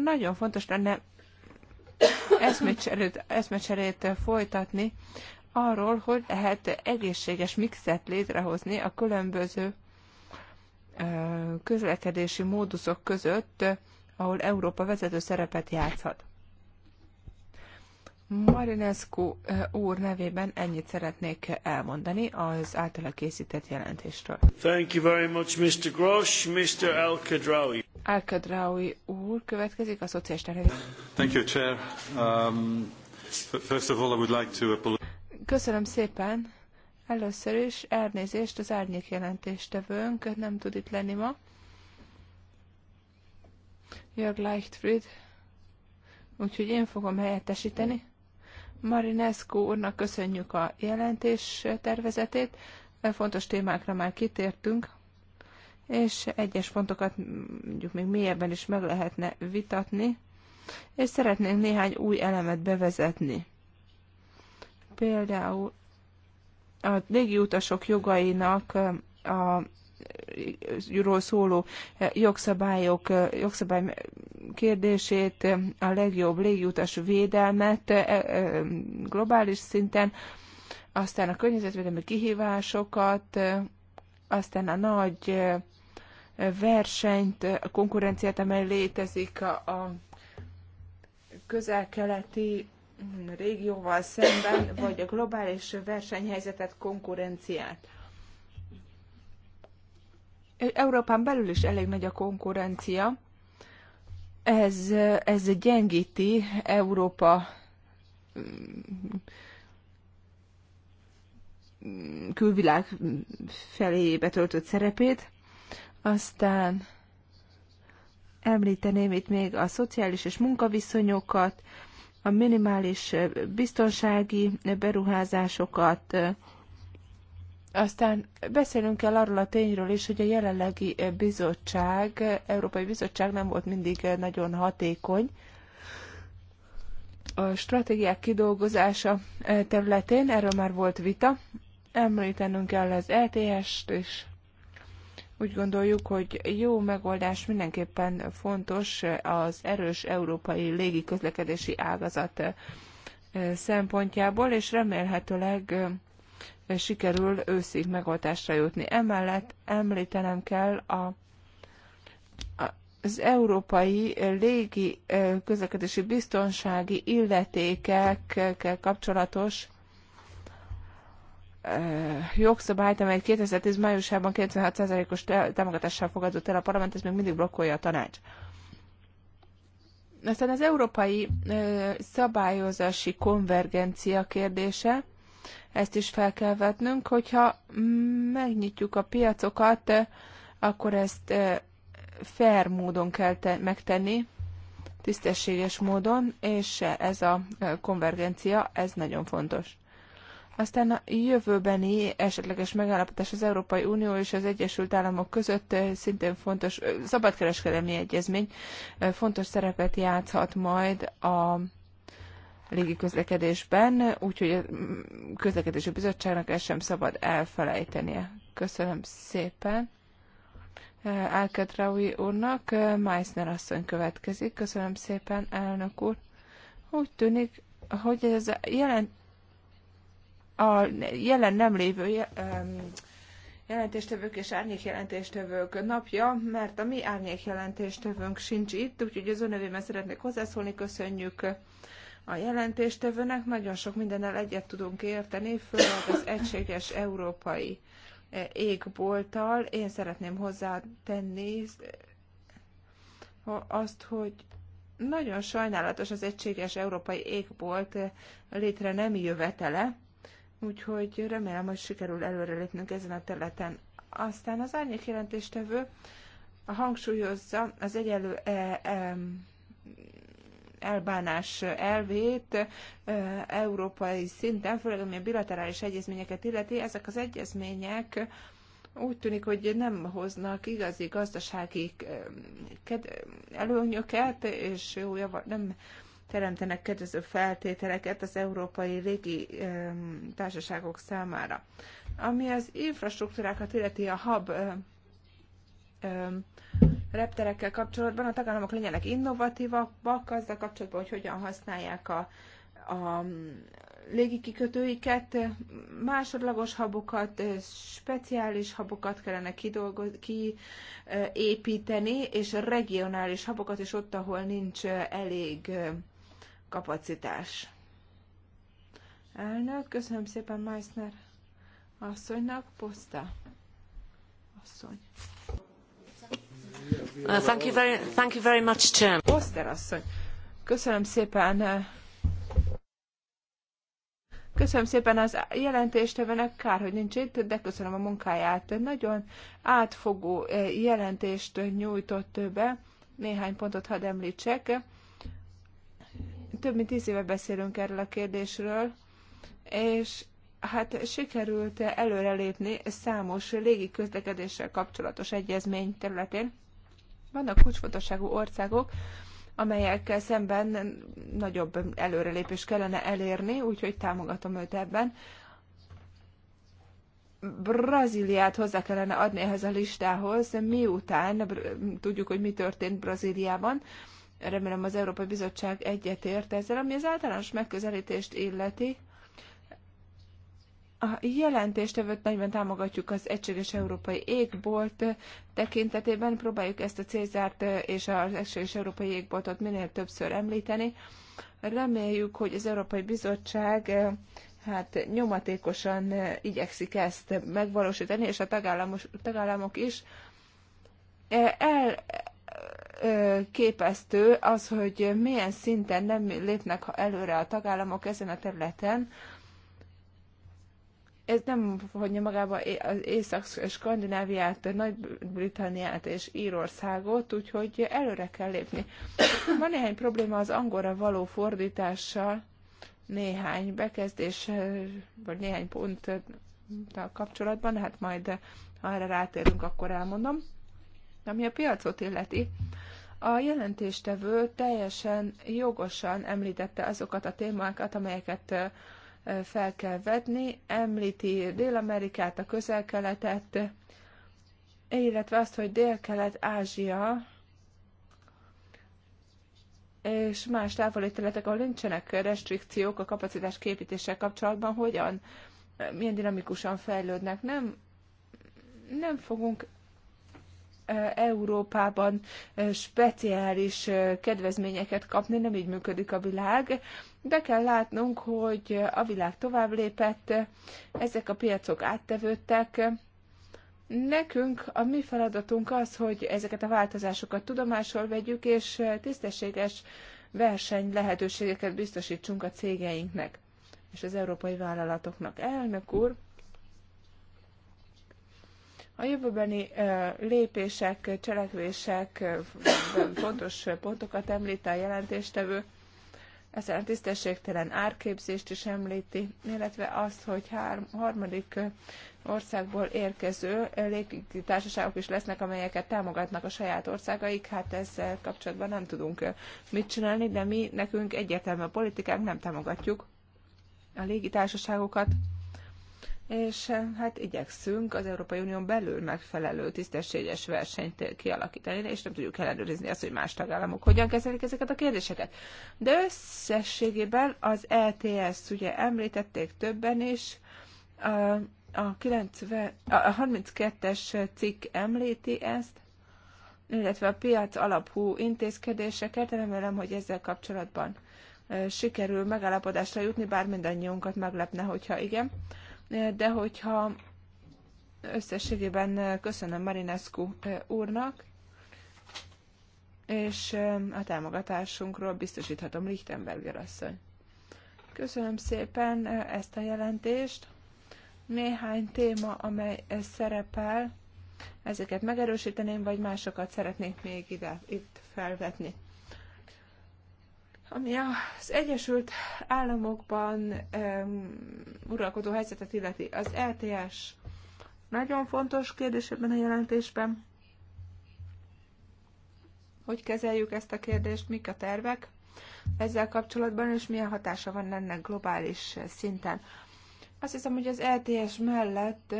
nagyon fontos lenne eszmecserét, eszmecserét folytatni arról, hogy lehet egészséges mixet létrehozni a különböző közlekedési móduszok között, ahol Európa vezető szerepet játszhat. Marinescu úr nevében ennyit szeretnék elmondani az általa készített jelentésről. Thank you very much, Mr. Grosch, Mr. al -Kadraoui. al -Kadraoui úr következik a szociális Thank you, Chair. Um, first of all, I would like to... Köszönöm szépen. Először is elnézést az árnyék jelentéstevőnk nem tud itt lenni ma. Jörg Leichtfried. Úgyhogy én fogom helyettesíteni. Marinescu úrnak köszönjük a jelentés tervezetét. E fontos témákra már kitértünk, és egyes pontokat mondjuk még mélyebben is meg lehetne vitatni, és szeretnénk néhány új elemet bevezetni. Például a légiutasok jogainak a ról szóló jogszabályok, jogszabály kérdését, a legjobb légiutas védelmet globális szinten, aztán a környezetvédelmi kihívásokat, aztán a nagy versenyt, a konkurenciát, amely létezik a, a közel-keleti régióval szemben, vagy a globális versenyhelyzetet, konkurenciát. Európán belül is elég nagy a konkurencia. Ez, ez gyengíti Európa mm, külvilág felé betöltött szerepét. Aztán említeném itt még a szociális és munkaviszonyokat, a minimális biztonsági beruházásokat, aztán beszélünk el arról a tényről is, hogy a jelenlegi bizottság, Európai Bizottság nem volt mindig nagyon hatékony a stratégiák kidolgozása területén, erről már volt vita. Említenünk kell az ETS-t is, úgy gondoljuk, hogy jó megoldás mindenképpen fontos az erős európai légiközlekedési ágazat eh, szempontjából, és remélhetőleg eh, sikerül őszig megoldásra jutni. Emellett említenem kell a, az európai légi eh, közlekedési biztonsági illetékekkel kapcsolatos Eh, jogszabályt, amely 2010 májusában 96%-os támogatással fogadott el a parlament, ez még mindig blokkolja a tanács. Aztán az európai eh, szabályozási konvergencia kérdése, ezt is fel kell vetnünk, hogyha megnyitjuk a piacokat, eh, akkor ezt fair módon kell megtenni, tisztességes módon, és ez a konvergencia, ez nagyon fontos. Aztán a jövőbeni esetleges megállapodás az Európai Unió és az Egyesült Államok között szintén fontos, szabadkereskedelmi egyezmény fontos szerepet játszhat majd a légiközlekedésben, úgyhogy a közlekedési bizottságnak ezt sem szabad elfelejtenie. Köszönöm szépen. Alcatraui úrnak, Meissner asszony következik. Köszönöm szépen, elnök úr. Úgy tűnik, hogy ez a jelent, a jelen nem lévő jelentéstevők és árnyékjelentéstevők napja, mert a mi árnyékjelentéstevőnk sincs itt, úgyhogy az önövében szeretnék hozzászólni, köszönjük a jelentéstevőnek, nagyon sok mindennel egyet tudunk érteni, főleg az egységes európai e, égbolttal. Én szeretném hozzátenni azt, hogy nagyon sajnálatos az egységes európai égbolt e, létre nem jövetele, úgyhogy remélem, hogy sikerül előrelépnünk ezen a területen. Aztán az árnyék jelentéstevő hangsúlyozza az egyenlő e, e, elbánás elvét e, európai szinten, főleg ami a bilaterális egyezményeket illeti, ezek az egyezmények úgy tűnik, hogy nem hoznak igazi gazdasági e, előnyöket, és jó, nem teremtenek kedvező feltételeket az európai régi társaságok számára. Ami az infrastruktúrákat illeti a hub repterekkel kapcsolatban, a tagállamok legyenek innovatívabbak azzal kapcsolatban, hogy hogyan használják a, a légikikötőiket, másodlagos habokat, speciális habokat kellene kiépíteni, és regionális habokat is ott, ahol nincs elég kapacitás. Elnök, köszönöm szépen Meissner asszonynak, poszta asszony. Uh, thank you very, thank you very much, Chair. Poszter asszony, köszönöm szépen uh, Köszönöm szépen az jelentéstevőnek, kár, hogy nincs itt, de köszönöm a munkáját. Nagyon átfogó uh, jelentést nyújtott be, néhány pontot hadd említsek több mint tíz éve beszélünk erről a kérdésről, és hát sikerült előrelépni számos légi közlekedéssel kapcsolatos egyezmény területén. Vannak kulcsfontosságú országok, amelyekkel szemben nagyobb előrelépés kellene elérni, úgyhogy támogatom őt ebben. Brazíliát hozzá kellene adni ehhez a listához, miután tudjuk, hogy mi történt Brazíliában remélem az Európai Bizottság egyetért ezzel, ami az általános megközelítést illeti. A övött nagyban támogatjuk az Egységes Európai Égbolt tekintetében, próbáljuk ezt a célzárt és az Egységes Európai Égboltot minél többször említeni. Reméljük, hogy az Európai Bizottság eh, hát nyomatékosan eh, igyekszik ezt megvalósítani, és a tagállamok is eh, el, képesztő az, hogy milyen szinten nem lépnek előre a tagállamok ezen a területen. Ez nem vonja magába az Észak-Skandináviát, Nagy-Britanniát és Írországot, úgyhogy előre kell lépni. Van néhány probléma az angolra való fordítással, néhány bekezdés, vagy néhány pont a kapcsolatban, hát majd ha erre rátérünk, akkor elmondom. Ami a piacot illeti, a jelentéstevő teljesen jogosan említette azokat a témákat, amelyeket fel kell vetni, említi Dél-Amerikát, a közel-keletet, illetve azt, hogy Dél-Kelet-Ázsia és más távoli területek, ahol nincsenek restrikciók a kapacitás képítéssel kapcsolatban, hogyan, milyen dinamikusan fejlődnek. Nem, nem fogunk Európában speciális kedvezményeket kapni, nem így működik a világ. Be kell látnunk, hogy a világ tovább lépett, ezek a piacok áttevődtek, Nekünk a mi feladatunk az, hogy ezeket a változásokat tudomásul vegyük, és tisztességes verseny lehetőségeket biztosítsunk a cégeinknek és az európai vállalatoknak. Elnök úr, a jövőbeni lépések, cselekvések fontos pontokat említ a jelentéstevő, ezen a tisztességtelen árképzést is említi, illetve azt, hogy három, harmadik országból érkező társaságok is lesznek, amelyeket támogatnak a saját országaik. Hát ezzel kapcsolatban nem tudunk mit csinálni, de mi nekünk egyértelmű a politikánk, nem támogatjuk a légitársaságokat és hát igyekszünk az Európai Unión belül megfelelő tisztességes versenyt kialakítani, és nem tudjuk ellenőrizni azt, hogy más tagállamok hogyan kezelik ezeket a kérdéseket. De összességében az ETS, ugye említették többen is, a, 90, a 32-es cikk említi ezt, illetve a piac alapú intézkedéseket, remélem, hogy ezzel kapcsolatban sikerül megállapodásra jutni, bár mindannyiunkat meglepne, hogyha igen de hogyha összességében köszönöm Marinescu úrnak, és a támogatásunkról biztosíthatom Lichtenberger asszony. Köszönöm szépen ezt a jelentést. Néhány téma, amely szerepel, ezeket megerősíteném, vagy másokat szeretnék még ide, itt felvetni. Ami az Egyesült Államokban um, uralkodó helyzetet illeti, az LTS e nagyon fontos kérdés ebben a jelentésben. Hogy kezeljük ezt a kérdést, mik a tervek ezzel kapcsolatban, és milyen hatása van ennek globális szinten. Azt hiszem, hogy az LTS e mellett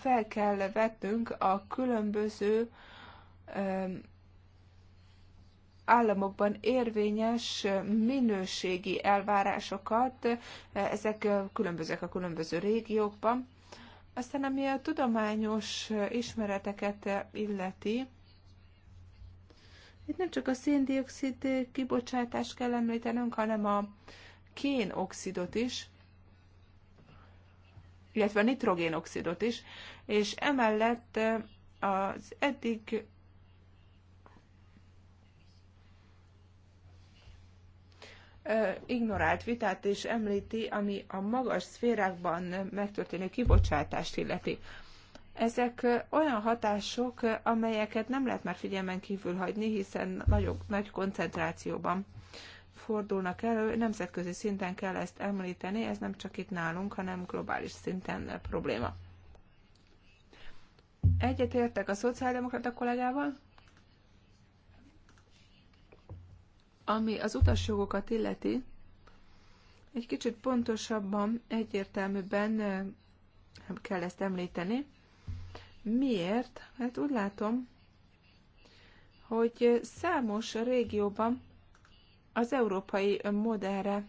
fel kell vetnünk a különböző államokban érvényes minőségi elvárásokat, ezek különbözőek a különböző régiókban. Aztán ami a tudományos ismereteket illeti, itt nem csak a széndiokszid kibocsátást kell említenünk, hanem a kénoxidot is illetve a nitrogénoxidot is, és emellett az eddig ignorált vitát is említi, ami a magas szférákban megtörténő kibocsátást illeti. Ezek olyan hatások, amelyeket nem lehet már figyelmen kívül hagyni, hiszen nagyok, nagy koncentrációban fordulnak elő, nemzetközi szinten kell ezt említeni, ez nem csak itt nálunk, hanem globális szinten probléma. Egyetértek a szociáldemokrata kollégával, ami az utasjogokat illeti, egy kicsit pontosabban, egyértelműbben kell ezt említeni. Miért? Hát úgy látom, hogy számos régióban az európai modellre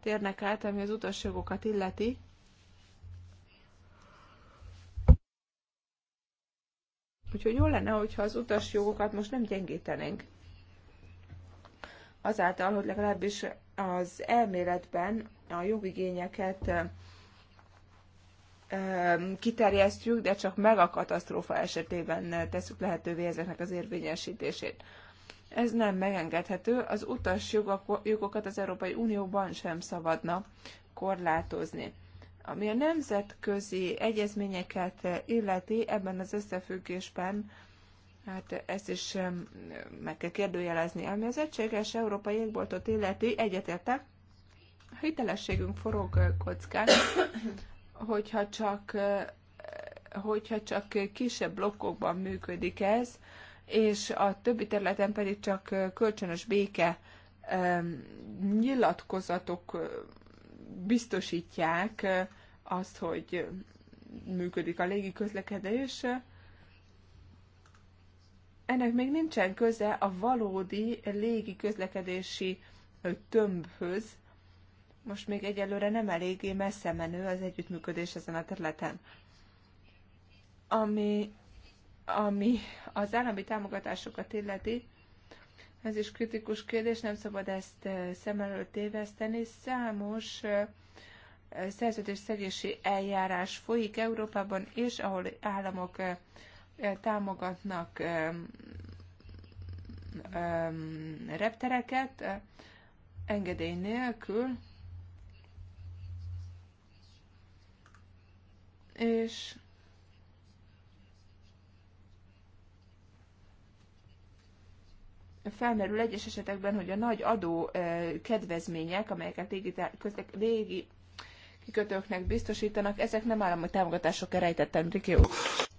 térnek át, ami az utasjogokat illeti. Úgyhogy jó lenne, hogyha az utasjogokat most nem gyengítenénk. Azáltal, hogy legalábbis az elméletben a jogigényeket kiterjesztjük, de csak meg a katasztrófa esetében tesszük lehetővé ezeknek az érvényesítését. Ez nem megengedhető, az utas jogokat az Európai Unióban sem szabadna korlátozni. Ami a nemzetközi egyezményeket illeti, ebben az összefüggésben Hát ezt is meg kell kérdőjelezni. Ami az egységes európai égboltot illeti, egyetértek, hitelességünk forog kockán, hogyha csak, hogyha csak kisebb blokkokban működik ez, és a többi területen pedig csak kölcsönös béke nyilatkozatok biztosítják azt, hogy működik a légi közlekedés. Ennek még nincsen köze a valódi légi közlekedési tömbhöz. Most még egyelőre nem eléggé messze menő az együttműködés ezen a területen. Ami ami az állami támogatásokat illeti, ez is kritikus kérdés, nem szabad ezt eh, szem előtt téveszteni. Számos eh, szegési eljárás folyik Európában, és ahol államok eh, támogatnak reptereket engedély nélkül, és felmerül egyes esetekben, hogy a nagy adó kedvezmények, amelyeket légi, közlek, légi kikötőknek biztosítanak, ezek nem állami támogatások rejtettem,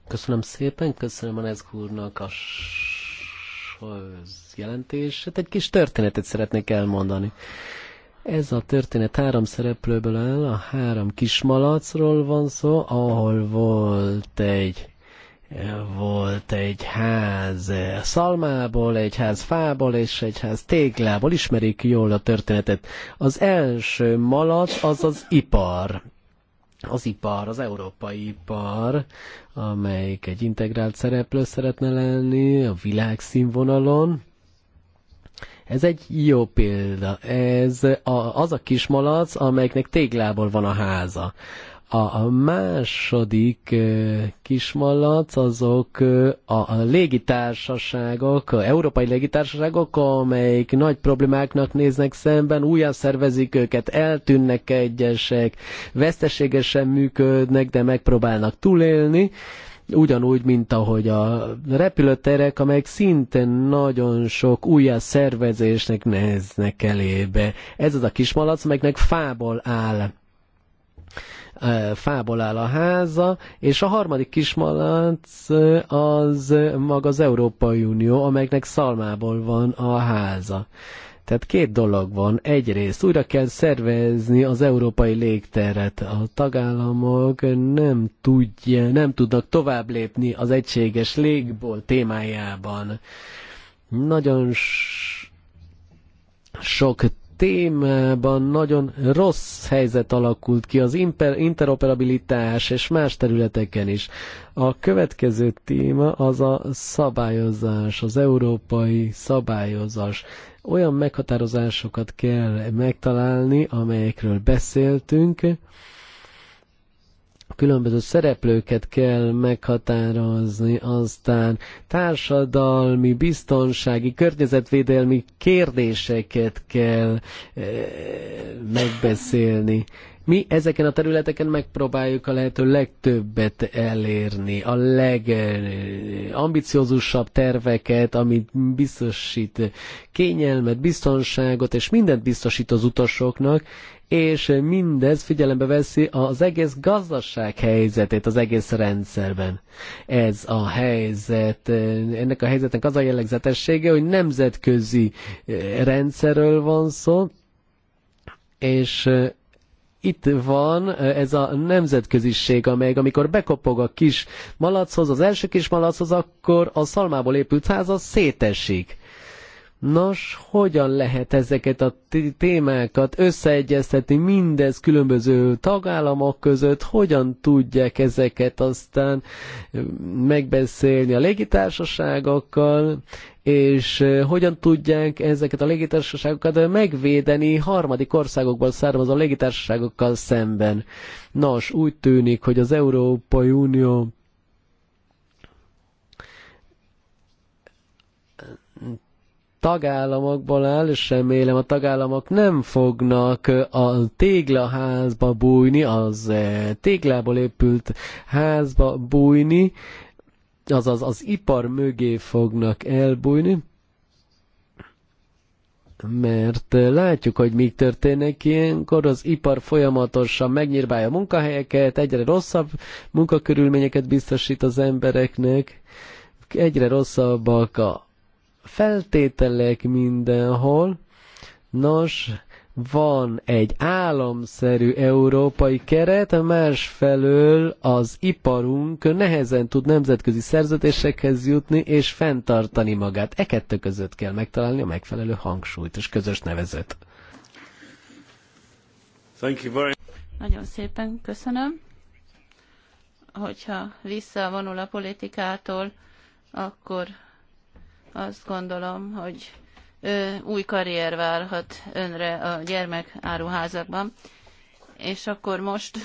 Köszönöm szépen, köszönöm a Nezg úrnak a jelentését. Hát egy kis történetet szeretnék elmondani. Ez a történet három szereplőből áll, a három kismalacról van szó, ahol volt egy volt egy ház szalmából, egy ház fából és egy ház téglából. Ismerik jól a történetet. Az első malac az az ipar. Az ipar, az európai ipar, amelyik egy integrált szereplő szeretne lenni a világszínvonalon. Ez egy jó példa. Ez a, az a kismalac, amelyiknek téglából van a háza. A második eh, kismalac azok eh, a légitársaságok, a európai légitársaságok, amelyik nagy problémáknak néznek szemben, újjá szervezik őket, eltűnnek egyesek, veszteségesen működnek, de megpróbálnak túlélni ugyanúgy, mint ahogy a repülőterek, amelyek szintén nagyon sok újjá szervezésnek néznek elébe. Ez az a kismalac, amelynek fából áll fából áll a háza, és a harmadik kismalac az maga az Európai Unió, amelynek szalmából van a háza. Tehát két dolog van. Egyrészt újra kell szervezni az európai légteret. A tagállamok nem, tudja, nem tudnak tovább lépni az egységes légból témájában. Nagyon sok témában nagyon rossz helyzet alakult ki az interoperabilitás és más területeken is. A következő téma az a szabályozás, az európai szabályozás. Olyan meghatározásokat kell megtalálni, amelyekről beszéltünk, a különböző szereplőket kell meghatározni, aztán társadalmi, biztonsági, környezetvédelmi kérdéseket kell e, megbeszélni. Mi ezeken a területeken megpróbáljuk a lehető legtöbbet elérni, a legambiciózusabb terveket, amit biztosít kényelmet, biztonságot, és mindent biztosít az utasoknak, és mindez figyelembe veszi az egész gazdaság helyzetét az egész rendszerben. Ez a helyzet, ennek a helyzetnek az a jellegzetessége, hogy nemzetközi eh, rendszerről van szó, és eh, itt van eh, ez a nemzetköziség, amely amikor bekopog a kis malachoz, az első kis malachoz, akkor a szalmából épült ház az szétesik. Nos, hogyan lehet ezeket a témákat összeegyeztetni mindez különböző tagállamok között, hogyan tudják ezeket aztán megbeszélni a légitársaságokkal, és hogyan tudják ezeket a légitársaságokat megvédeni harmadik országokból származó légitársaságokkal szemben. Nos, úgy tűnik, hogy az Európai Unió tagállamokból áll, és remélem a tagállamok nem fognak a téglaházba bújni, az téglából épült házba bújni, azaz az ipar mögé fognak elbújni, mert látjuk, hogy mi történik ilyenkor, az ipar folyamatosan megnyírbálja a munkahelyeket, egyre rosszabb munkakörülményeket biztosít az embereknek, egyre rosszabbak a feltételek mindenhol. Nos, van egy államszerű európai keret, másfelől az iparunk nehezen tud nemzetközi szerződésekhez jutni és fenntartani magát. E kettő között kell megtalálni a megfelelő hangsúlyt és közös nevezet. Thank you very... Nagyon szépen köszönöm. Hogyha visszavonul a politikától, akkor azt gondolom, hogy új karrier várhat önre a gyermekáruházakban. És akkor most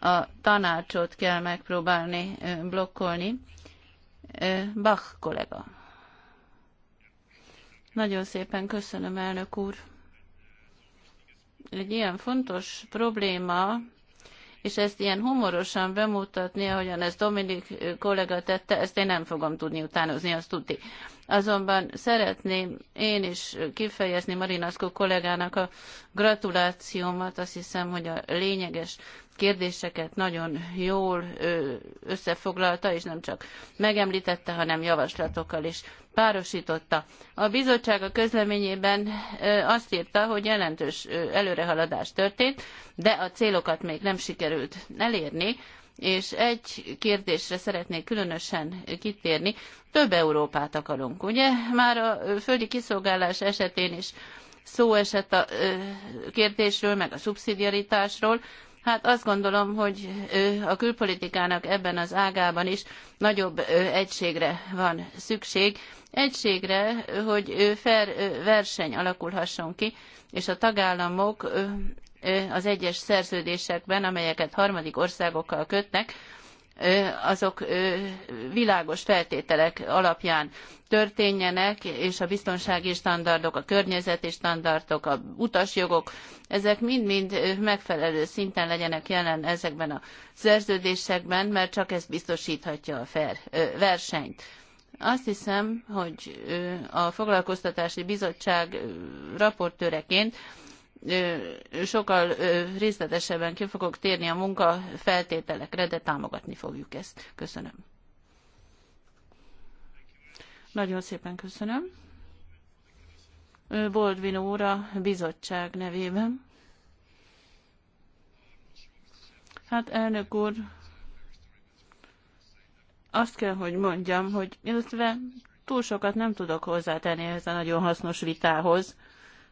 a tanácsot kell megpróbálni blokkolni. Bach kollega. Nagyon szépen köszönöm, elnök úr. Egy ilyen fontos probléma, és ezt ilyen humorosan bemutatni, ahogyan ezt Dominik kollega tette, ezt én nem fogom tudni utánozni, azt tudni. Azonban szeretném én is kifejezni Marinaszko kollégának a gratulációmat. Azt hiszem, hogy a lényeges kérdéseket nagyon jól összefoglalta, és nem csak megemlítette, hanem javaslatokkal is párostotta. A bizottság a közleményében azt írta, hogy jelentős előrehaladás történt, de a célokat még nem sikerült elérni, és egy kérdésre szeretnék különösen kitérni. Több Európát akarunk, ugye? Már a földi kiszolgálás esetén is szó esett a kérdésről, meg a szubszidiaritásról, Hát azt gondolom, hogy a külpolitikának ebben az ágában is nagyobb egységre van szükség. Egységre, hogy fair verseny alakulhasson ki, és a tagállamok az egyes szerződésekben, amelyeket harmadik országokkal kötnek, azok világos feltételek alapján történjenek, és a biztonsági standardok, a környezeti standardok, a utasjogok, ezek mind-mind megfelelő szinten legyenek jelen ezekben a szerződésekben, mert csak ez biztosíthatja a fair versenyt. Azt hiszem, hogy a foglalkoztatási bizottság raportőreként sokkal részletesebben ki fogok térni a feltételekre, de támogatni fogjuk ezt. Köszönöm. Nagyon szépen köszönöm. Boldvin úr bizottság nevében. Hát elnök úr, azt kell, hogy mondjam, hogy illetve túl sokat nem tudok hozzátenni ehhez a nagyon hasznos vitához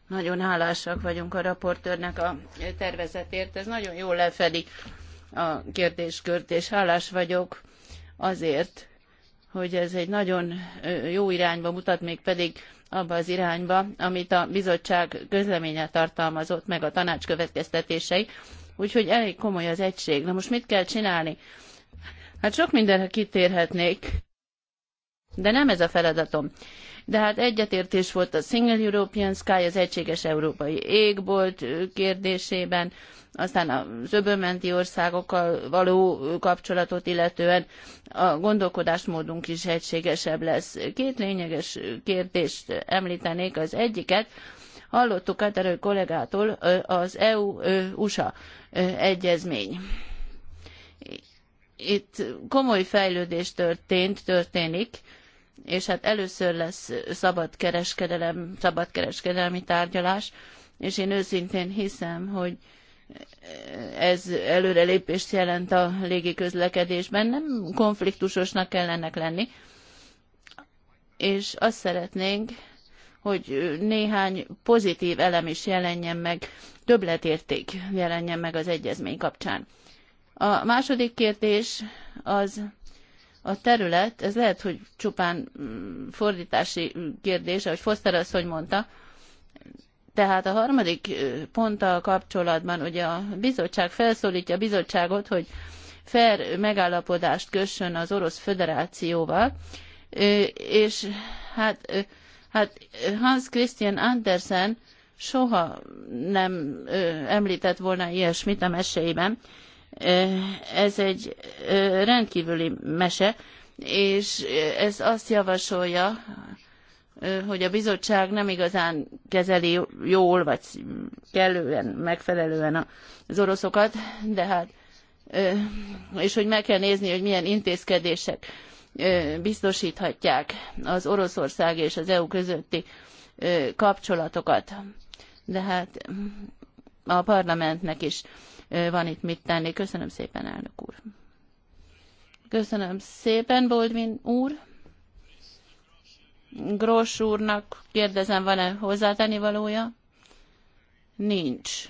nagyon hálásak vagyunk a raportőrnek a tervezetért. Ez nagyon jól lefedi a kérdéskört, és hálás vagyok azért, hogy ez egy nagyon jó irányba mutat, még pedig abba az irányba, amit a bizottság közleménye tartalmazott, meg a tanács következtetései. Úgyhogy elég komoly az egység. Na most mit kell csinálni? Hát sok mindenre kitérhetnék. De nem ez a feladatom. De hát egyetértés volt a Single European Sky, az egységes európai égbolt kérdésében, aztán az öbölmenti országokkal való kapcsolatot illetően a gondolkodásmódunk is egységesebb lesz. Két lényeges kérdést említenék, az egyiket, hallottuk erő kollégától az EU-USA egyezmény. Itt komoly fejlődés történt, történik, és hát először lesz szabad kereskedelem, szabad kereskedelmi tárgyalás, és én őszintén hiszem, hogy ez előrelépést jelent a légiközlekedésben, nem konfliktusosnak kell ennek lenni, és azt szeretnénk, hogy néhány pozitív elem is jelenjen meg, többletérték jelenjen meg az egyezmény kapcsán. A második kérdés az a terület, ez lehet, hogy csupán mm, fordítási kérdése, hogy Foster azt, hogy mondta, tehát a harmadik ponttal kapcsolatban ugye a bizottság felszólítja a bizottságot, hogy fair megállapodást kössön az Orosz Föderációval, és hát, hát Hans Christian Andersen soha nem említett volna ilyesmit a meséiben, Eh, ez egy eh, rendkívüli mese, és ez azt javasolja, eh, hogy a bizottság nem igazán kezeli jól, vagy kellően, megfelelően az oroszokat, de hát, és hogy meg kell nézni, hogy milyen intézkedések biztosíthatják az Oroszország és az EU közötti kapcsolatokat. De hát a parlamentnek is van itt mit tenni. Köszönöm szépen, elnök úr. Köszönöm szépen, Boldvin úr. Gross úrnak kérdezem, van-e hozzátenni valója? Nincs.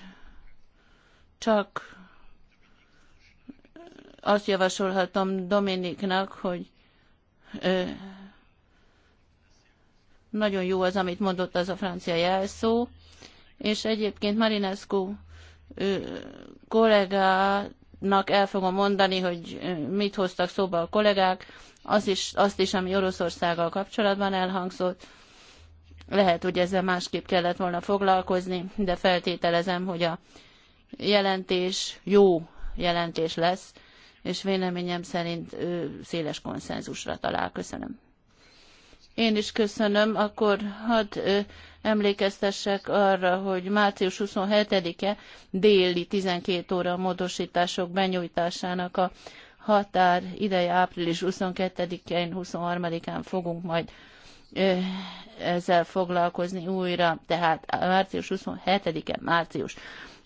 Csak azt javasolhatom Dominiknak, hogy ö, nagyon jó az, amit mondott az a francia jelszó, és egyébként Marinescu kollégának el fogom mondani, hogy mit hoztak szóba a kollégák, az is, azt is, ami Oroszországgal kapcsolatban elhangzott. Lehet, hogy ezzel másképp kellett volna foglalkozni, de feltételezem, hogy a jelentés jó jelentés lesz, és véleményem szerint széles konszenzusra talál. Köszönöm. Én is köszönöm, akkor hadd emlékeztessek arra, hogy március 27-e déli 12 óra módosítások benyújtásának a határ ideje április 22-én, 23-án fogunk majd ezzel foglalkozni újra, tehát március 27-e, március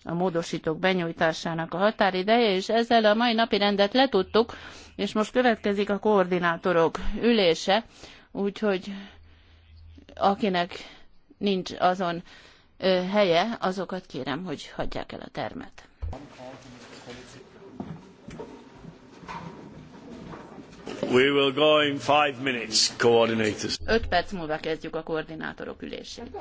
a módosítók benyújtásának a határideje, és ezzel a mai napi rendet letudtuk, és most következik a koordinátorok ülése. Úgyhogy akinek nincs azon helye, azokat kérem, hogy hagyják el a termet. We will go in five minutes, coordinators. Öt perc múlva kezdjük a koordinátorok ülését.